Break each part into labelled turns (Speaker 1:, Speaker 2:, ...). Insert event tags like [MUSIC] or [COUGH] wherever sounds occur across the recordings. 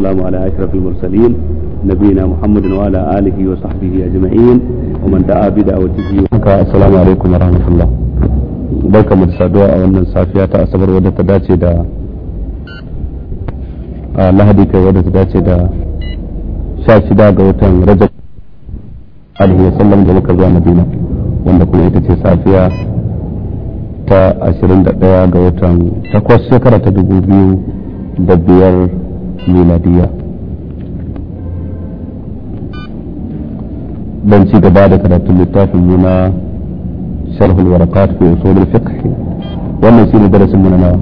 Speaker 1: والسلام على أشرف المرسلين نبينا محمد وعلى آله وصحبه أجمعين ومن دعا بدعوته السلام عليكم ورحمة الله barka mu da saduwa a wannan safiya ta asabar wadda ta dace da lahadi kai wadda ta dace da sha shida ga watan rajab ya wasallam da muka zuwa madina wanda kuma ita ce safiya ta ɗaya ga watan takwas shekara ta biyar. miladiya don ci gaba da karatun littafin mu na sharhul warakat fi usulul fiqh wannan shine darasin mu na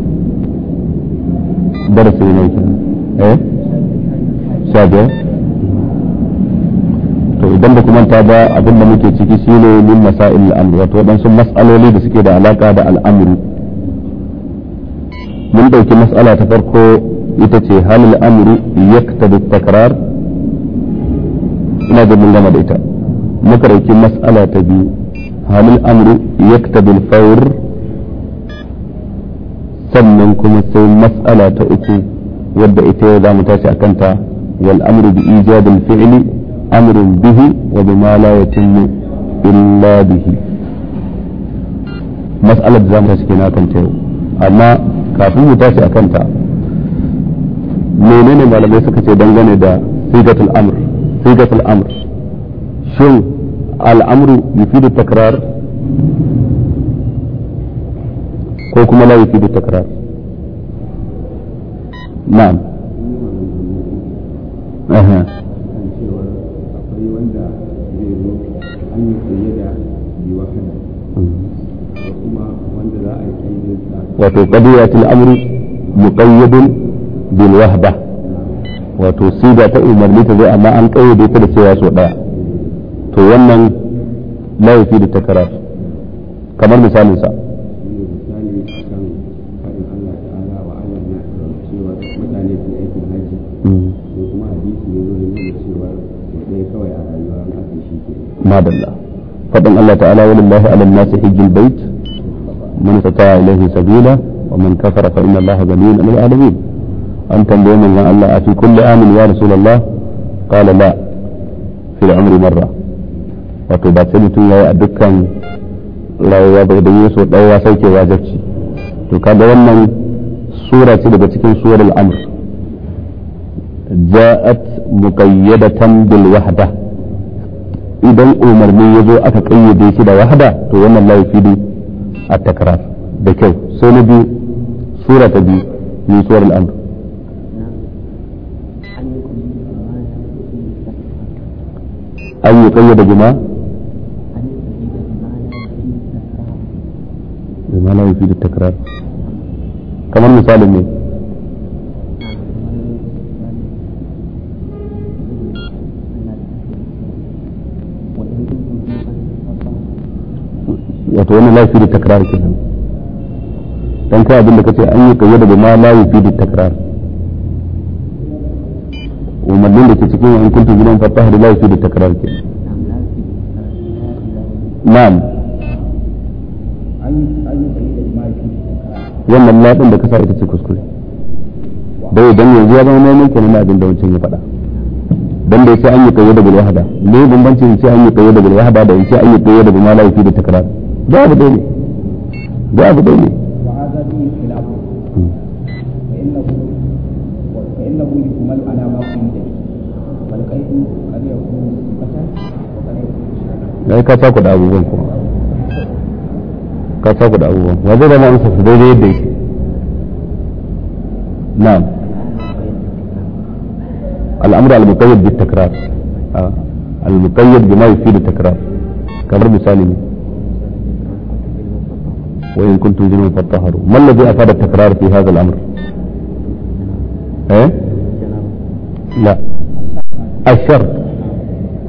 Speaker 1: darasin ne eh sabe to idan ba ku manta ba abin da muke ciki shine min masail al-amr wato sun mas'aloli da suke da alaka da al-amr mun dauki mas'ala ta farko ita ce halin halil amru yaktabi takrar ina da mun gama da ita muka dauki mas'ala ta biyu halin halil amru yaktabi fawr sannan kuma sai mas'ala ta uku wadda ita yau za mu tashi a kanta wal amru bi ijab al fi'li amrun bihi wa bima la yatimmu illa bihi mas'alar da za mu tashi kenan akan ta yau amma kafin mu tashi akan ta menene malamai suka ce dangane da sigatul amr sigatul amr shin al'amru yufidu takrar ko kuma la yufidu takrar na'am aha
Speaker 2: wato qadiyatul amri muqayyadun
Speaker 1: bil wahda wato siga ta umarni ta zai amma an kayyade ta da cewa so daya to wannan laifi da takarar kamar misalin sa madalla faɗin Allah ta'ala walillahi ala nasi hijjil bait man istata ilayhi sabila wa man kafara fa inna Allah an tambaye manzon Allah a fi kulli amin ya rasulullah qala la fil umri marra wato ba sai mutum yayi a dukkan rayuwa ba da yeso dawa sauke wajibci to kaga wannan sura ce daga cikin surar amr ja'at muqayyadatan bil wahda idan umarni ya zo aka kayyade shi da wahda to wannan la yufidu a takrar da kyau sai na biyu sura ta biyu min surar al-amr an yi kayyada bima bima la da kamar misalin ne wato wani la da takrar kenan dan kai abin da kace an yi kayyada bima la da takrar umarnin da ke cikin wa in kuntum gidan fatahar la da takarar ke na'am wannan ladin da kasa ita ce kuskure da dai dan yanzu ya zama mai kenan abin da wancan ya faɗa dan da sai an yi kayyada bil wahda ne bambanci sai an yi kayyada bil wahda da sai an yi kayyada bil mala yusidu takrar da abu dai ne da abu dai ne ai ka sa da abubuwan kuma ka sa da abubuwan wa zai zama amsa su daidai yadda yake na'am al'amru al-muqayyad bi takrar al-muqayyad bima yufidu takrar kamar misali ne وإن كنتم جنوا فطهروا ما الذي أفاد التكرار في هذا الأمر إيه؟ لا الشرط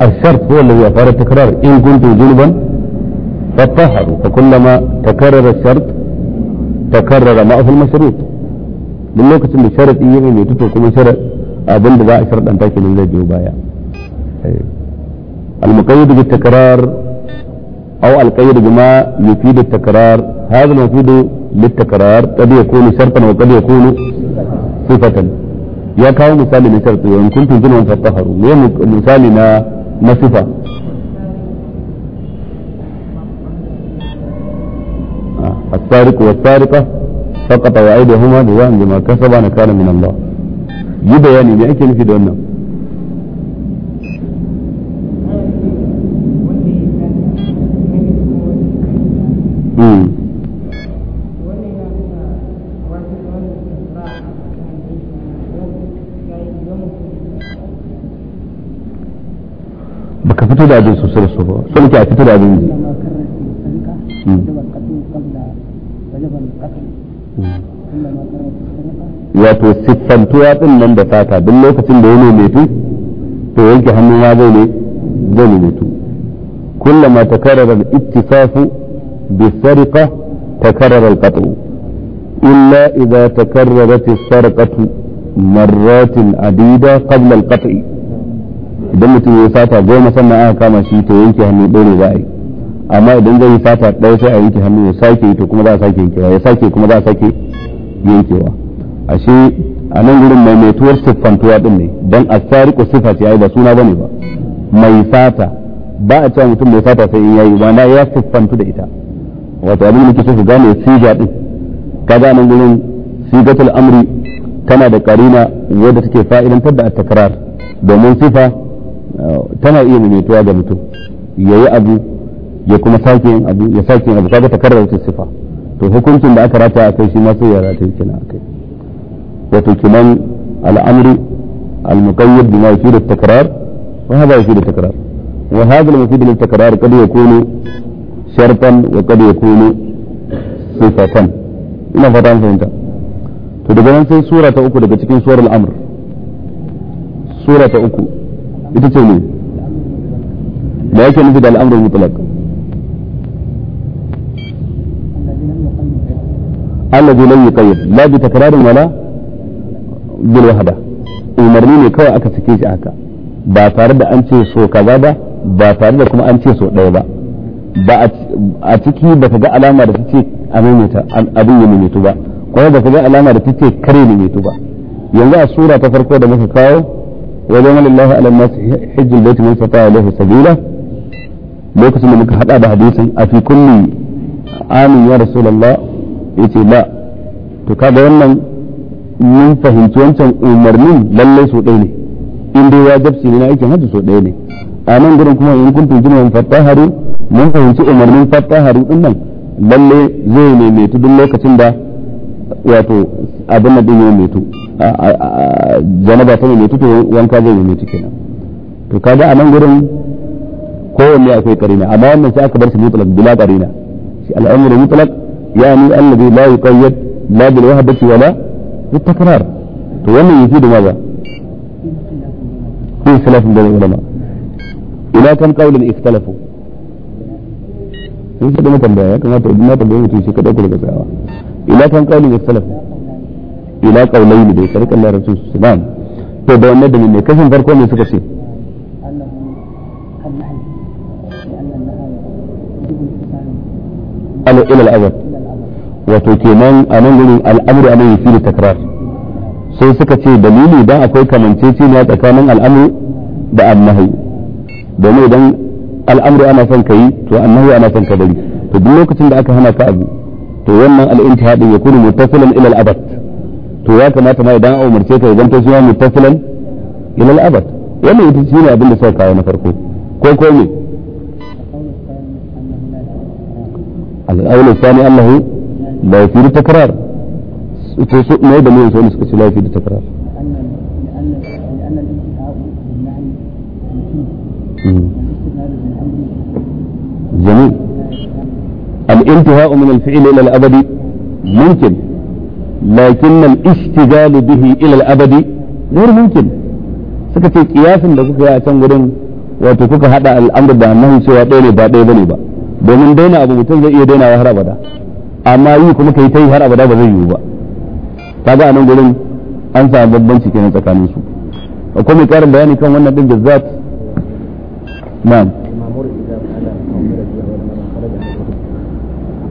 Speaker 1: الشرط هو الذي أثار التكرار إن كنت جنبا فطهروا فكلما تكرر الشرط تكرر معه المشروط من لوكتين شرط إيه من يتوتو من شرط أبن بقى شرط أن تأكل من ذلك يبايع المقيد بالتكرار أو القيد بما يفيد التكرار هذا المفيد للتكرار قد يكون شرطا وقد يكون صفة يا كاو مثال شرط وإن كنتم جنبا فطهروا ليه مثال na sifa السارق والسارقة فقطعوا أيديهما جزاء بما كسبا نكالا من الله yi bayani me ake nufi da wannan Hmm. baka fito da abin sosai da sosai so nake a fito da abin hmm. wato siffanto ya tsin nan da fata duk lokacin da ya nemaitu to yanke hannun ya zai ne zai nemaitu kullama takarrar ittifafu illa takarrar ta إلا ta تكررت السرقة مرات عديدة قبل القطع idan mutum ya fata goma sannan aka kama shi to yanke hannu ɗore za a yi amma idan zai fata ɗaya sai a yanke hannu ya sake to kuma za a sake yankewa ya sake kuma za a sake yankewa ashe a nan gurin mai metuwar siffantuwa ɗin ne don tsari asariku siffa ce yi ba suna bane ba mai fata ba a cewa mutum mai fata sai in yayi na ya siffantu da ita wato abin da muke so gane siga din kaga nan gurin sigatul amri tana da karina wadda take fa'idantar da at-takrar domin sifa tana iya maimaituwa ga mutum ya yi abu ya kuma sake yin abu ya sake yin abu kaga takarrar sifa to hukuncin da aka rata a kai shi ma sai ya rata yake na akai wato kiman al'amru al-muqayyad bima yufid at-takrar wa hadha yufid at-takrar wa hadha al-mufid lil-takrar qad yakunu shartan wa qad yakunu sifatan ina fata fahimta to daga nan sai sura ta uku daga cikin surar al-amr sura ta uku ita ce ne da yake nufi da al'amuran allah alladhi lam yi la bi takrarin wala bil wahda umarni ne kawai aka cike shi haka ba tare da an ce so kaza ba ba tare da kuma an ce so ɗaya ba ba a ciki ba ka ga alama da ta ce a maimaita abin yi maimaitu ba kuma ba ka ga alama da ta ce kare maimaitu ba yanzu a sura ta farko da muka kawo wajen lillahi ala nas hajjul bait man fata alaihi sabila lokacin da muka hada da hadisin a fi kulli amin ya rasulullah yace la to kaga wannan mun fahimci wancan umarnin lallai so ɗaya ne in dai wajibci ne na aikin hajji so ɗaya ne a nan gurin kuma in kuntum jinin fattaharu mun fahimci umarnin fattaharu din nan lalle zai ne mai tudun lokacin da wato abin nan din ya mutu janaba ta mutu to wanka zai mutu kenan to kaga a nan gurin kowanne akwai karina amma wannan sai aka bar shi mutlaq bila karina shi al'amru mutlaq yani alladhi la yuqayyad la bil wahdati wala bit takrar to wannan yafi da maza في خلاف بين العلماء إلى كم قول اختلفوا in ka da matan baya kamata in matan baya mutum shi kaɗai kuma tsayawa ila kan kauli ya salafu ila qawlayn bi sarkan da rasul sallam to da wannan dalilin ne kashin farko ne suka ce al ila al-azab wato kenan a nan gurin al'amru a nan yasiru takrar sai suka ce dalili dan akwai kamanceceniya tsakanin al'amru da annahi domin idan al'amru ana son ka yi to annahi ana son ka bari to duk lokacin da aka hana ka abu to wannan al'intihadin ya kunu muttasilan ila al-abad to ya kamata ma idan an umarce ka idan ta shi ma muttasilan ila al-abad wannan ita shine abin da sai kawo na farko ko ko ne al-awl al la yafiru takrar to su mai da mun so suka ce la yafiru takrar جميل الانتهاء من الفعل إلى الأبد ممكن lakin al-ishtigalu bihi ila al-abadi ghayr mumkin suka ce kiyasin da kuka yi a can gurin wato kuka hada al'amur da annahu cewa ɗaya ne ba ɗaya bane ba domin daina abu mutum zai iya dainawa har abada amma yi kuma kai ta yi har abada ba zai yiwu ba Ta ga nan gurin an samu bambanci kenan tsakanin su akwai mai karin bayani kan wannan din bizzat na'am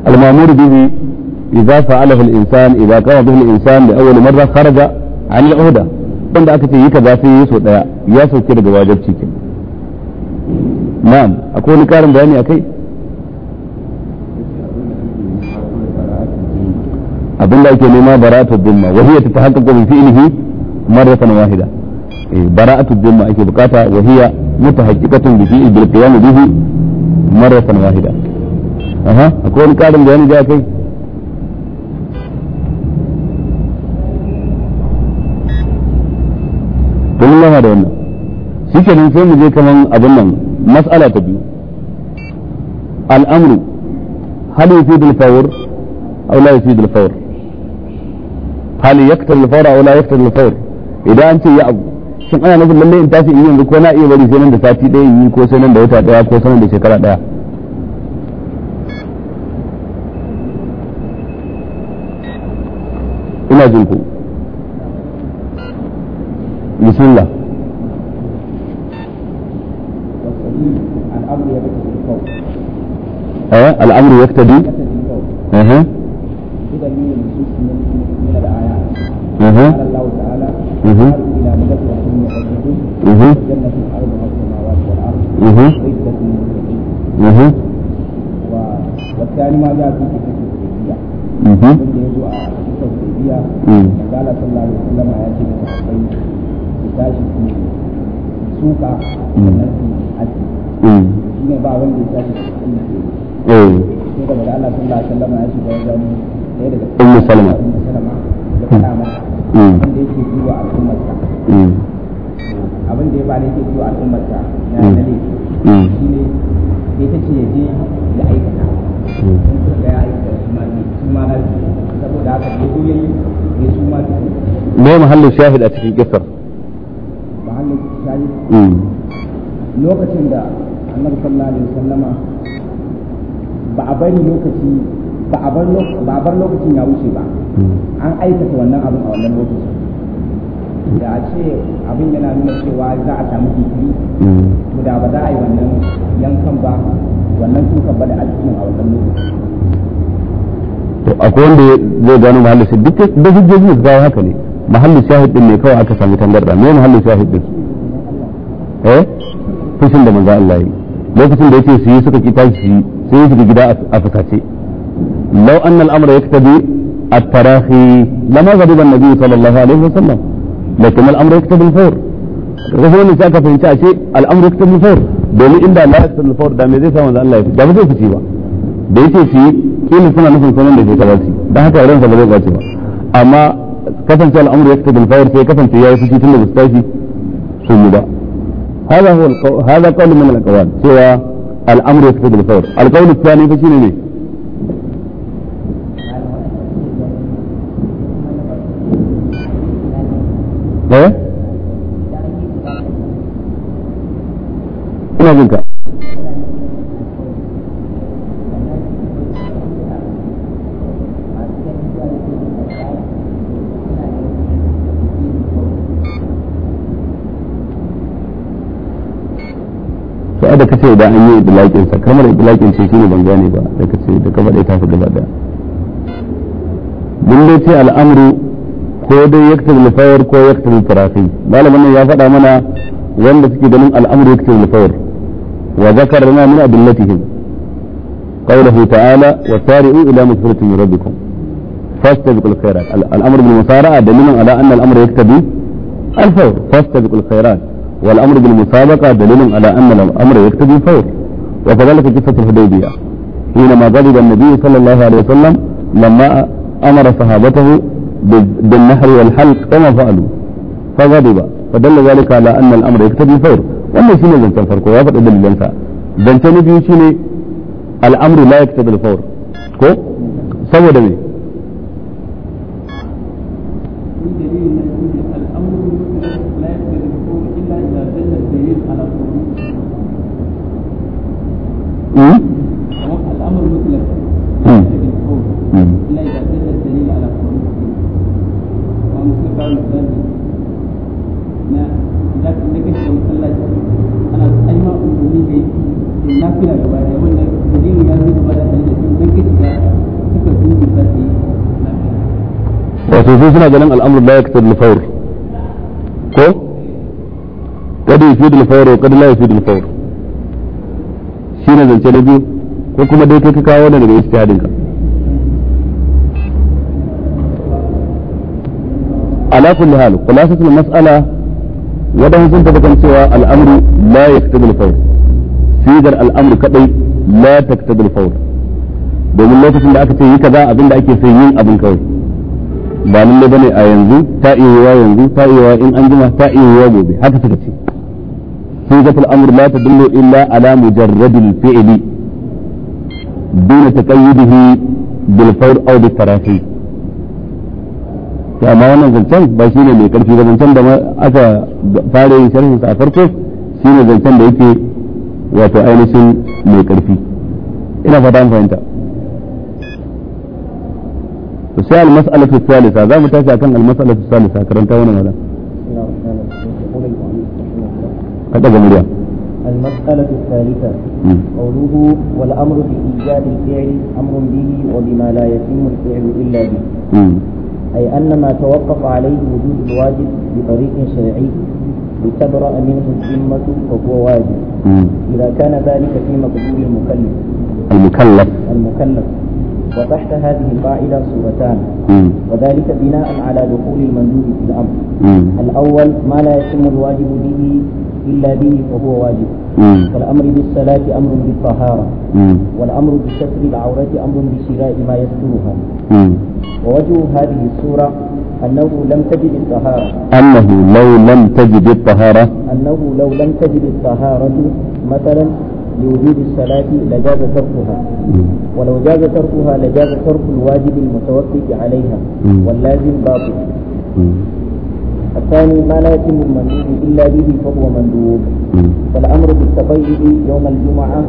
Speaker 1: al-mamur bihi إذا فعله الإنسان إذا قام به الإنسان لأول مرة خرج عن العهدة wanda aka ce yi kaza sai yi sau daya ya sauke daga wajabci ke na'am akwai wani karin bayani a kai abin da ake nema bara'atu dhimma wa hiya tatahaqqaqu bi fi'lihi marratan wahida eh bara'atu dhimma ake bukata wa hiya mutahaqqiqatun bi fi'li bil qiyam bihi marratan wahida aha akwai wani karin bayani da kai muna da wannan shi kenan sai mu je kaman abin nan mas'ala ta biyu al'amru hal yufidu al-fawr aw la yufidu al-fawr hal yaktaru al-fawr aw la yaktaru al-fawr idan an ce ya abu shin ana nufin lalle in tashi in yanzu ko na iya bari sai nan da sati ɗaya yi ko sai nan da wata ɗaya ko sai nan da shekara ɗaya ina jin ku bismillah
Speaker 3: الأمر يقتضي
Speaker 1: الأمر يقتضي اها
Speaker 3: من من اها قال الله تعالى اها إلى اها اها اها والثاني ما جاء في كتاب اها قال صلى الله عليه وسلم آياته في الصحيح في سوقا Mm. shi ne ba wanda ya da mm. daga Allah sallallahu alaihi wasallam ya shiga wajen daga ummu salama da kana mm. yake jiwa al'ummarsa abin da ya yake jiwa al'ummarsa nale shi ne ya je ya aikata ga ya aikata ma saboda haka ya zo ya su ma muhallin
Speaker 1: shahid a cikin kisar
Speaker 3: muhallin shahid lokacin da annabi sallallahu alaihi wasallama ba a bari lokaci ba a bar lokacin ya wuce ba hmm. an aikata wannan abin a wannan lokacin da a ce abin yana nuna cewa za a samu jinkiri hmm. to da ba za a yi wannan yankan ba wannan tukan ba da a a wannan lokacin
Speaker 1: to akwai wanda zai gano mahallin shi duk da hujjoji da gawo haka ne mahallin shahid ne kawai aka sami tangarda me mahallin shahid din eh fushin da manzo Allah yi lokacin da yake su yi suka ki tashi su yi sai shiga gida a fusace law anna al-amra yaktabi at-tarahi lama ghadiba an-nabi sallallahu alaihi wasallam lakin al-amru yaktabi al-fawr rasul ne sai ka fahimci a ce al-amru yaktabi al-fawr domin inda la yaktabi al-fawr da me zai sa manzo Allah ya da ba zai fice ba da yake su yi kila suna nufin sunan da ke kaza su dan haka ransa ba zai kwace ba amma kasance al-amru yaktabi al-fawr sai kasance yayi fice tun da su tashi sun yi ba هذا هو القو... هذا قول من الاقوال سوى الامر يقتضي الفور القول الثاني فشنو ليه؟ ايه ina sai da kace da an yi iblaƙin sa kamar iblaƙin ce shine ban gane ba da kace da kaba dai tafi gaba da mun dai ce al'amru ko dai yaktul lifayar ko yaktul tarafi malamin nan ya faɗa mana wanda suke ganin al'amru yaktul lifayar wa zakarna min adillatihim qawluhu ta'ala wa sari'u ila maghfiratin min rabbikum fastabiqul khairat al'amru bil musara'a dalilun ala anna al'amra yaktabi al-fawr fastabiqul khairat والأمر بالمسابقة دليل على أن الأمر يقتضي الفور وكذلك قصة الحديبية حينما غضب النبي صلى الله عليه وسلم لما أمر صحابته بالنحر والحلق كما فعلوا فغضب فدل ذلك على أن الأمر يقتضي الفور wannan شنو زنت farko ya faɗi dalilansa zance na biyu shine al'amru la yaktabil fawr ko saboda
Speaker 3: الأمر مطلق إلا إذا دل الدليل على كونه ومطلق على الثاني لكن لكن لو صلى أنا أجمع أمومي النافلة كبارة وأن الدليل يزيد بعد ذلك لكن
Speaker 1: suna ganin al'amur la yaktar al-fawr ko kada yufid al-fawr wa kada la yufid al-fawr shi ne zance na biyu ko kuma dai kai ka kawo wannan daga iska ka ala kulli hal khulasatul mas'ala wadan sun tabbatar cewa al'amru la yaktabu al sigar al'amru kadai la taktabu al domin lokacin da aka ce yi kaza abinda ake son yin abin kawai ba ne bane a yanzu ta iya yanzu ta iya in an jima ta iya gobe haka suka ce صيغة الأمر لا تدل إلا على مجرد الفعل دون تقيده بالفور أو بالتراخي كما أن زلتان باشيني اللي كان في زلتان دما أتى فاري شرح سأفركو سين زلتان بيكي واتو أينس اللي كان في إلا فتان فانتا فسأل المسألة الثالثة هذا متاسع كان المسألة الثالثة كرمتا هنا ملاك
Speaker 2: هذا جميل المسألة الثالثة
Speaker 3: قوله والأمر بإيجاد الفعل أمر به وبما لا يتم الفعل إلا به م. أي أن ما توقف عليه وجود الواجب بطريق شرعي لتبرأ منه الذمة فهو واجب م. إذا كان ذلك في مقدور المكلف المكلف المكلف وتحت هذه القاعدة صورتان وذلك بناء على دخول المندوب في الأمر الأول ما لا يتم الواجب به إلا به فهو واجب فالأمر بالصلاة أمر بالطهارة والأمر بستر العورة أمر بشراء ما يسترها ووجه هذه الصورة أنه لم تجد الطهارة
Speaker 1: أنه لو لم تجد الطهارة
Speaker 3: أنه لو لم تجد الطهارة مثلا لوجوب الصلاة لجاز تركها ولو جاز تركها لجاز ترك الواجب المتوقف عليها واللازم باطل الثاني ما لا يتم المندوب إلا به فهو مندوب فالأمر بالتطيب يوم الجمعة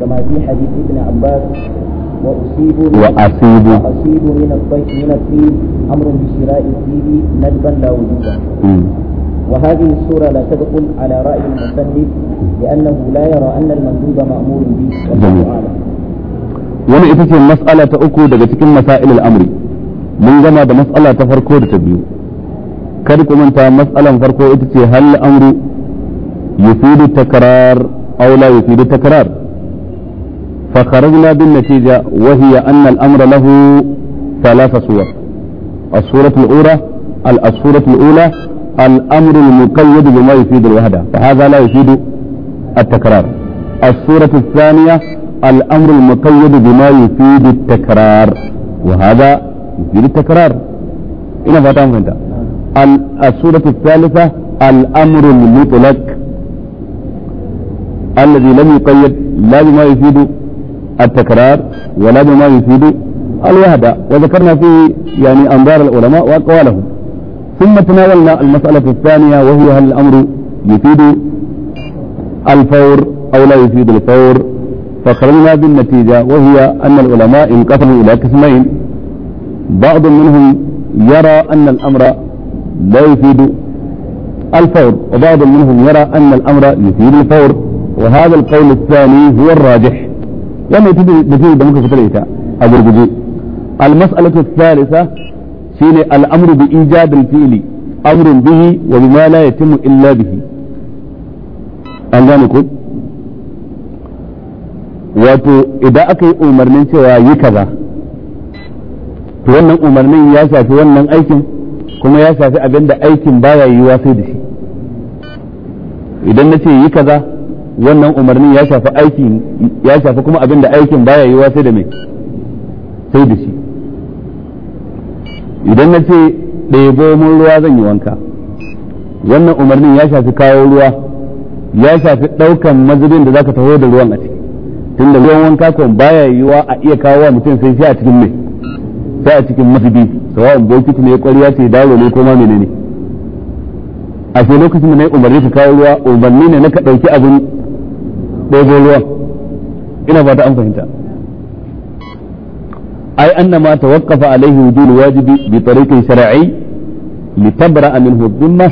Speaker 3: كما في حديث ابن عباس وأصيب وأصيب وأصيب من الطيب من الطيب أمر بشراء الطيب ندبا لا وجودا وهذه الصورة لا تدخل على رأي المصنف لأنه لا يرى أن المندوب مأمور به
Speaker 1: والله أعلم wani ita ce mas'ala ta uku daga cikin masail al'amri mun gama da mas'ala ta farko da ta biyu kar ku manta mas'alan farko ita ce hal amru yufidu takrar aw la yufidu takrar fa kharajna bin natija wa hiya anna al-amra lahu thalatha suwar as-suratu al-ula al-suratu al-ula الأمر المقيد بما يفيد الوحدة فهذا لا يفيد التكرار الصورة الثانية الأمر المقيد بما يفيد التكرار وهذا يفيد التكرار إلى فتام فهمت الصورة الثالثة الأمر المطلق الذي لم يقيد لا بما يفيد التكرار ولا بما يفيد الوهدة وذكرنا فيه يعني أنظار العلماء وأقوالهم ثم تناولنا المسألة الثانية وهي هل الأمر يفيد الفور أو لا يفيد الفور فخرجنا بالنتيجة وهي أن العلماء انقسموا إلى قسمين بعض منهم يرى أن الأمر لا يفيد الفور وبعض منهم يرى أن الأمر يفيد الفور وهذا القول الثاني هو الراجح لم يفيد بمكة ممكن أبو المسألة الثالثة shine al'amru bi ijadil fi'li amrun bihi wa bima la yatimu illa bihi an gane ku wato idan aka yi umarnin cewa yi kaza to wannan umarnin ya shafi wannan aikin kuma ya shafi abin da aikin baya yiwuwa sai da shi idan na ce yi kaza wannan umarnin ya shafi aikin ya shafi kuma abin da aikin baya yiwuwa sai da mai sai da shi idan na ce ɗebo mun ruwa zan yi wanka wannan umarnin ya shafi kawo ruwa ya shafi ɗaukan mazubin da zaka taho da ruwan a ciki tun da ruwan wanka kan baya yiwa a iya kawo wa mutum sai sai a cikin mai sai a cikin mazubi sawa'un bokiti ne ƙwarya ce daro ne ko ma ne a sai lokacin da na yi umarni ka kawo ruwa umarni ne na ka ɗauki abin ɗebo ruwan ina fata ta an fahimta أي أن توقف عليه وجود الواجب بطريق شرعي لتبرأ منه الذمة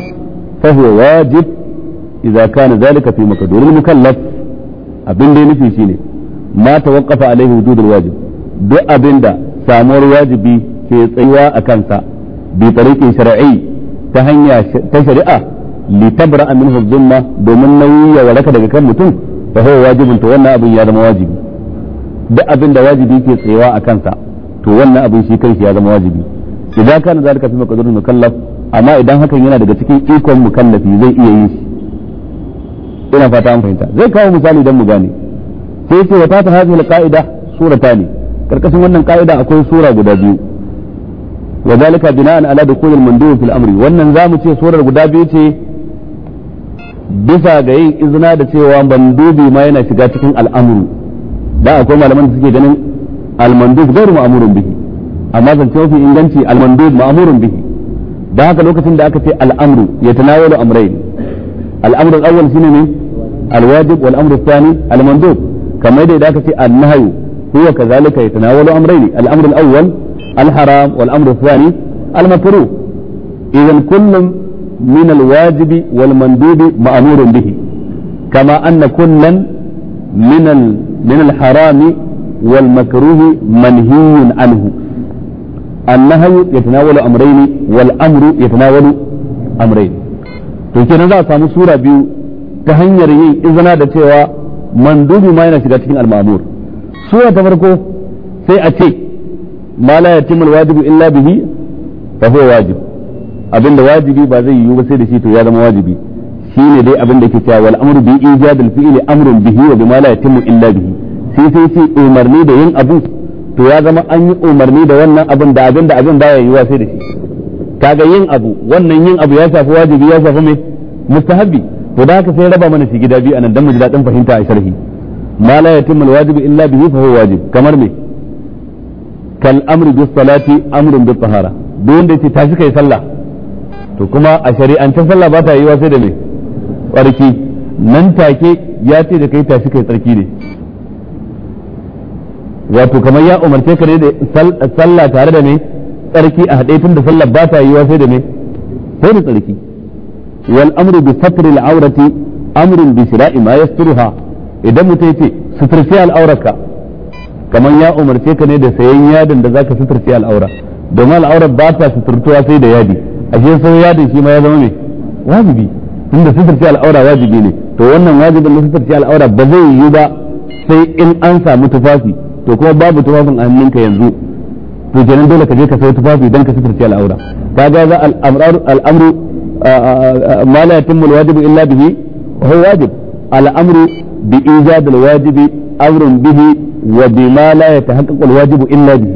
Speaker 1: فهو واجب إذا كان ذلك في مقدور المكلف abin da ya nufi shine ma tawaqqafa alaihi wujudul wajib duk abin da wajibi ke tsayuwa a kansa bi tariqin shar'i ta hanya shari'a li tabra minhu domin nauyi ya waraka daga kan mutum fa huwa wannan ya zama wajibi duk abinda wajibi ke tsaywa a kansa to wannan abin shi shi ya zama wajibi idan kana zalika fi maqdurul mukallaf amma idan hakan yana daga cikin ikon mukallafi zai iya yin shi ina fata an fahimta zai kawo misali dan mu gane sai yace wa ta hadhihi alqaida ne karkashin wannan qaida akwai sura guda biyu wa zalika bina'an ala dukhul al-mandub fil amri wannan zamu ce surar guda biyu ce bisa ga yin izina da cewa mandubi ma yana shiga cikin al'amuru da akwai malaman da suke ganin المندوب غير مأمور به أما زلتوا في إنجنتي المندوب مأمور به ده هذا الوقت عند الأمر يتناول أمرين الأمر الأول سنة الواجب والأمر الثاني المندوب كما يدي ذاك النهي هو كذلك يتناول أمرين الأمر الأول الحرام والأمر الثاني المكروه إذا كل من الواجب والمندوب مأمور به كما أن كلا من من الحرام wal makruhi manhiyun anhu annahu yatanawalu amrayn wal amru yatanawalu amrayn to kenan za a samu sura biyu ta hanyar yin izina da cewa mandubi ma yana shiga cikin al-ma'mur sura ta farko sai a ce ma la illa bihi fa huwa abinda wajibi ba zai yiwu ba sai da shi to ya zama wajibi ne dai abinda ke cewa wal amru bi ijadil fi'li amrun illa sai sai ce umarni da yin abu to ya zama an yi umarni da wannan abin da abin da abin baya yiwa sai da shi kaga yin abu wannan yin abu ya shafi wajibi ya shafi mai mustahabbi to da haka sai raba mana shi gida biyu anan dan mu ji dadin fahimta a sharhi ma la yatimul wajibu illa bihi fa huwa wajib kamar me kal amru bis salati amrun bis tahara duk wanda yake tashi kai sallah to kuma a shari'ancin sallah ba ta yiwa sai da me tsarki nan take ya ce da kai tashi kai tsarki ne wato kamar ya umarce ka da sallah tare da me tsarki a haɗe tun da sallah ba ta yiwa sai da me sai da tsarki wal amru bi satr al awrati amrun bi shira'i ma yasturuha idan mutum yace suturci al auraka kamar ya umarce ka ne da sayan yadin da zaka suturci al aura domin al aura ba ta suturtuwa sai da yadi ashe sai yadin shi ma ya zama me wajibi tunda suturci al aura wajibi ne to wannan wajibin na suturci al aura ba zai yi ba sai in an samu tufafi to kuma babu tufafin a hannunka yanzu to kenan dole ka je ka sayo tufafi dan ka suturce al'aura kaga za al'amru ma la yatimmu al-wajibu illa bihi wa huwa wajib al'amru bi ijad al-wajibi amrun bihi wa bima la yatahaqqaqu al-wajibu illa bihi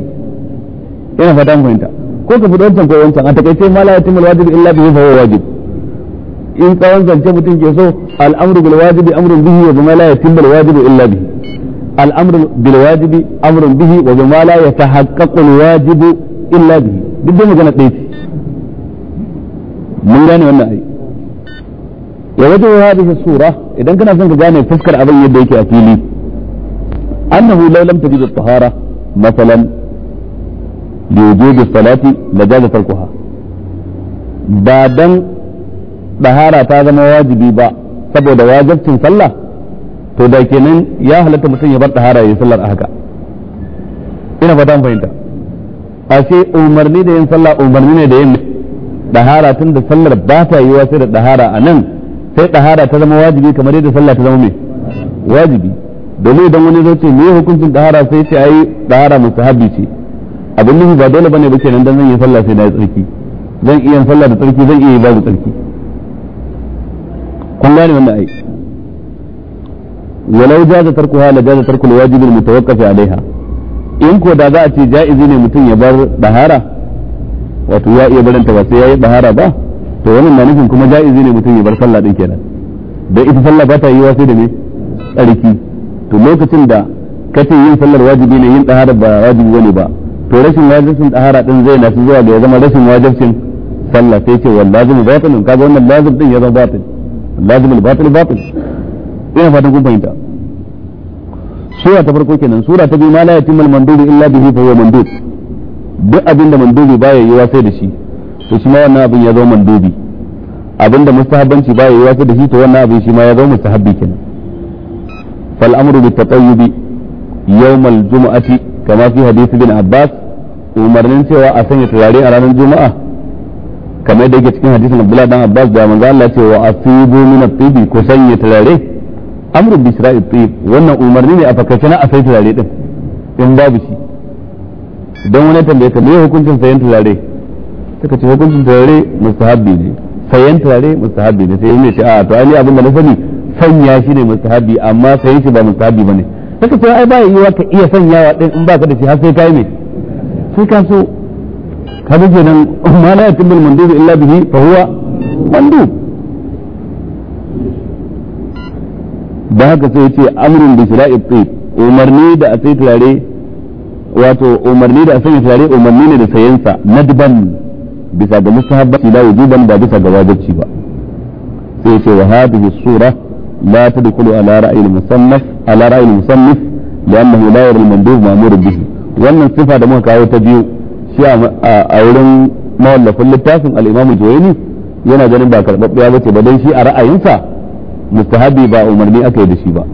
Speaker 1: ina fata mun fahimta ko ka fi wancan ko wancan a takaice ma la yatimmu al-wajibu illa bihi fa huwa wajib in tsawon zance mutum ke so al'amru bil wajibi amrun bihi wa bima la yatimmu al-wajibu illa bihi الأمر بالواجب أمر به وما لا يتحقق الواجب إلا به بدون مجانا قيتي من غاني وانا أي ووجه هذه الصورة إذا كان سنك جاني تذكر أبن يديك أكيلي أنه لو لم تجد الطهارة مثلا لوجود الصلاة لجاز تركها بعدا طهارة هذا ما واجبي با سبب wajibcin sallah to da kenan ya halatta mutum ya bar tahara ya sallar a haka ina fata an fahimta ashe umarni da yin sallah umarni ne da yin tahara tun da sallar ba ta yiwa sai da tahara a nan sai tahara ta zama wajibi kamar yadda sallah ta zama mai wajibi domin idan wani zai ce me hukuncin tahara sai ce ai tahara mustahabi ce abin nufi ba dole bane ba kenan dan zan yi sallah sai na yi tsarki zan iya sallah da tsarki zan iya yi babu tsarki kun gane wannan ai walau jaza tarkuha la jaza tarkul wajib al mutawaqqaf in ko da za ce jaizi ne mutum ya bar dahara wato ya ba sai ya yi dahara ba to wannan na nufin kuma jaizi ne mutum ya bar sallah din kenan da ita sallah ba yi sai da me tsarki to lokacin da kace yin sallar wajibi ne yin dahara ba wajibi ba to rashin wajibcin dahara din zai nasu zuwa ga ya zama rashin wajibcin sallah sai ce wal lazim batilun kaga wannan lazim din ya zama batil lazim al batil batil ina fatan kun fahimta sura ta farko kenan sura ta biyu ma la yatimul mandubi illa bihi fa huwa mandub duk abin da mandubi baya yi sai da shi to shi ma wannan abin ya zama mandubi abin da mustahabbanci baya yi sai da shi to wannan abin shi ma ya zama mustahabbi kenan fal amru bit tatayyubi yawmal jumu'ati kama fi hadith bin abbas umarnin cewa a sanya turare a ranar juma'a kamar da yake cikin hadisin abdullahi dan abbas da manzo Allah cewa asibu min ku sanya turare amrun bi shira'i tayyib wannan umarni ne a fakkace na asai turare din in babu shi don wani tambaye ka me hukuncin sayan turare suka ce hukuncin turare mustahabbi ne sayan turare mustahabbi ne sai ne shi a to ai abin da na sani sanya shi ne mustahabbi amma sayan shi ba mustahabbi bane suka ce ai ba yiwa ka iya sanyawa din in baka da shi har sai kai ne sai ka so kaga nan amma la yakmul mandubi illa bihi fa huwa mandub da haka sai ce amrin da shira'i tsib umarni da a sai turare wato umarni da a sanya turare umarni ne da sayansa nadban bisa ga mustahabbaci la wujuban ba bisa ga wajibci ba sai ce wa hadhihi sura la tadkhulu ala ra'yi al-musannaf ala ra'yi da musannif li'annahu la yara al-mandub ma'mur wannan sifa da muka kawo ta biyu shi a wurin mawallafin littafin al-imam al yana ganin ba karbabbiya bace ba dan shi a ra'ayinsa mustahabi ba umarni aka yi da shi ba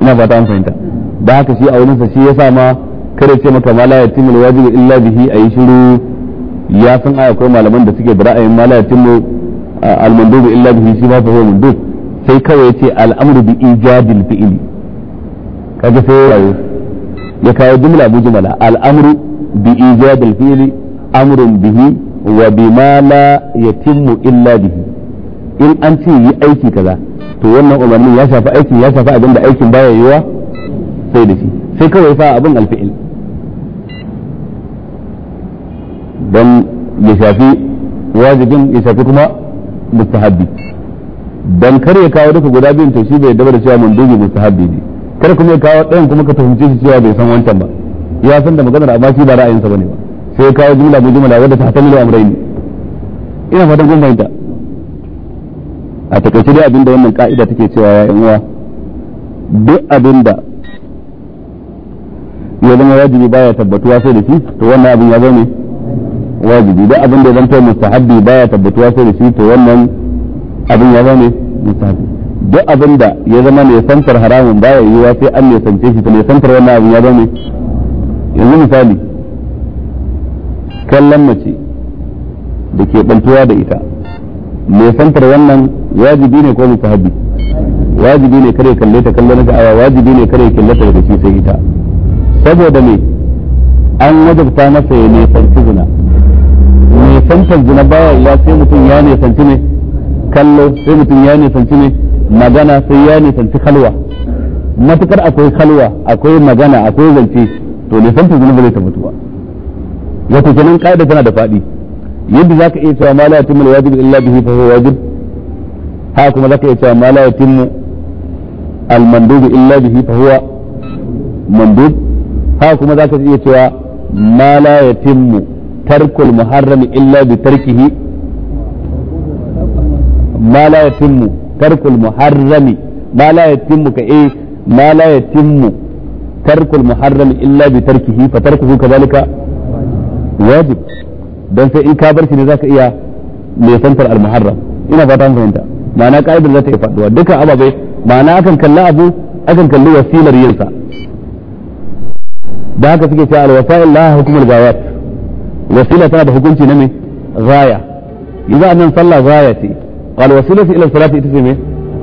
Speaker 1: ina fata an fahimta da haka shi a wurin sa shi yasa ma kada ce maka mala ya timul wajibi illa bihi ayi shiru ya san aya ko malaman da suke da ra'ayin mala ya timul al-mandubu illa bihi shi ba fa mandub sai kawai yace al-amru bi ijadil fi'li kaga sai ya kawo jumla bi jumla al-amru bi ijadil fi'li amrun bihi wa bima la yatimmu illa bihi in an ce yi aiki kaza to wannan umarni ya shafi aikin ya shafi abin da aikin baya yiwa sai da shi sai kawai fa abin alfi'il don ya shafi wajibin ya shafi kuma mustahabbi dan kar ya kawo duka guda biyun to shi bai dabar da cewa mun dubi mustahabbi ne kar kuma ya kawo ɗayan kuma ka fahimce shi cewa bai san wancan ba ya san da maganar amma shi ba ra'ayinsa bane ba sai ya kawo jumla bi jumla wadda ta hatamilu amrayni ina fatan kun fahimta a takaice dai abinda wannan ka'ida take cewa ya yan uwa duk abinda ya zama wajibi baya tabbatuwa sai da shi to wannan abin ya zama wajibi duk abinda ya zama mustahabbi baya tabbatuwa sai da shi to wannan abin ya zama mustahabbi duk abinda ya zama ne santar haramun baya yiwa sai an ne sance shi to ne santar wannan abin ya zama yanzu misali kallon mace da ke bantuwa da ita me santar wannan wajibi ne ko mustahabi wajibi ne kare kalle ta kallon sha'awa wajibi ne kare kalle ta shi sai ita saboda me an wajabta masa ya nisanci zina nisantar zina baya ya sai mutum ya nisanci ne kallo sai mutum ya nisanci ne magana sai ya nisanci kalwa matukar akwai kalwa akwai magana akwai zance to nisantar zina ba zai ta mutuwa wato kenan ka'ida tana da faɗi yadda zaka iya cewa ma la yatimmu wajib illa bihi fa huwa wajib ha kuma zaka iya cewa ma la yatimmu al illa bihi fa huwa mandub ha kuma zaka iya cewa ma la yatimmu tarkul muharrami illa bi tarkihi ma la yatimmu tarkul muharrami ma la yatimmu ka eh ma la yatimmu tarkul muharrami illa bi tarkihi fa tarkuhu kadhalika wajib dan sai in ka bar shi ne zaka iya nisantar al-muharram ina fata mun fahimta ma'ana ka'idar za ta iya faduwa dukkan ababai ma'ana akan kalla abu akan kalli wasilar yin sa da haka suke cewa al-wasa'il la hukmul ghayat wasila tana da hukunci na me ghaya idan annan sallah ghaya ce wal wasilatu ila salati ita ce me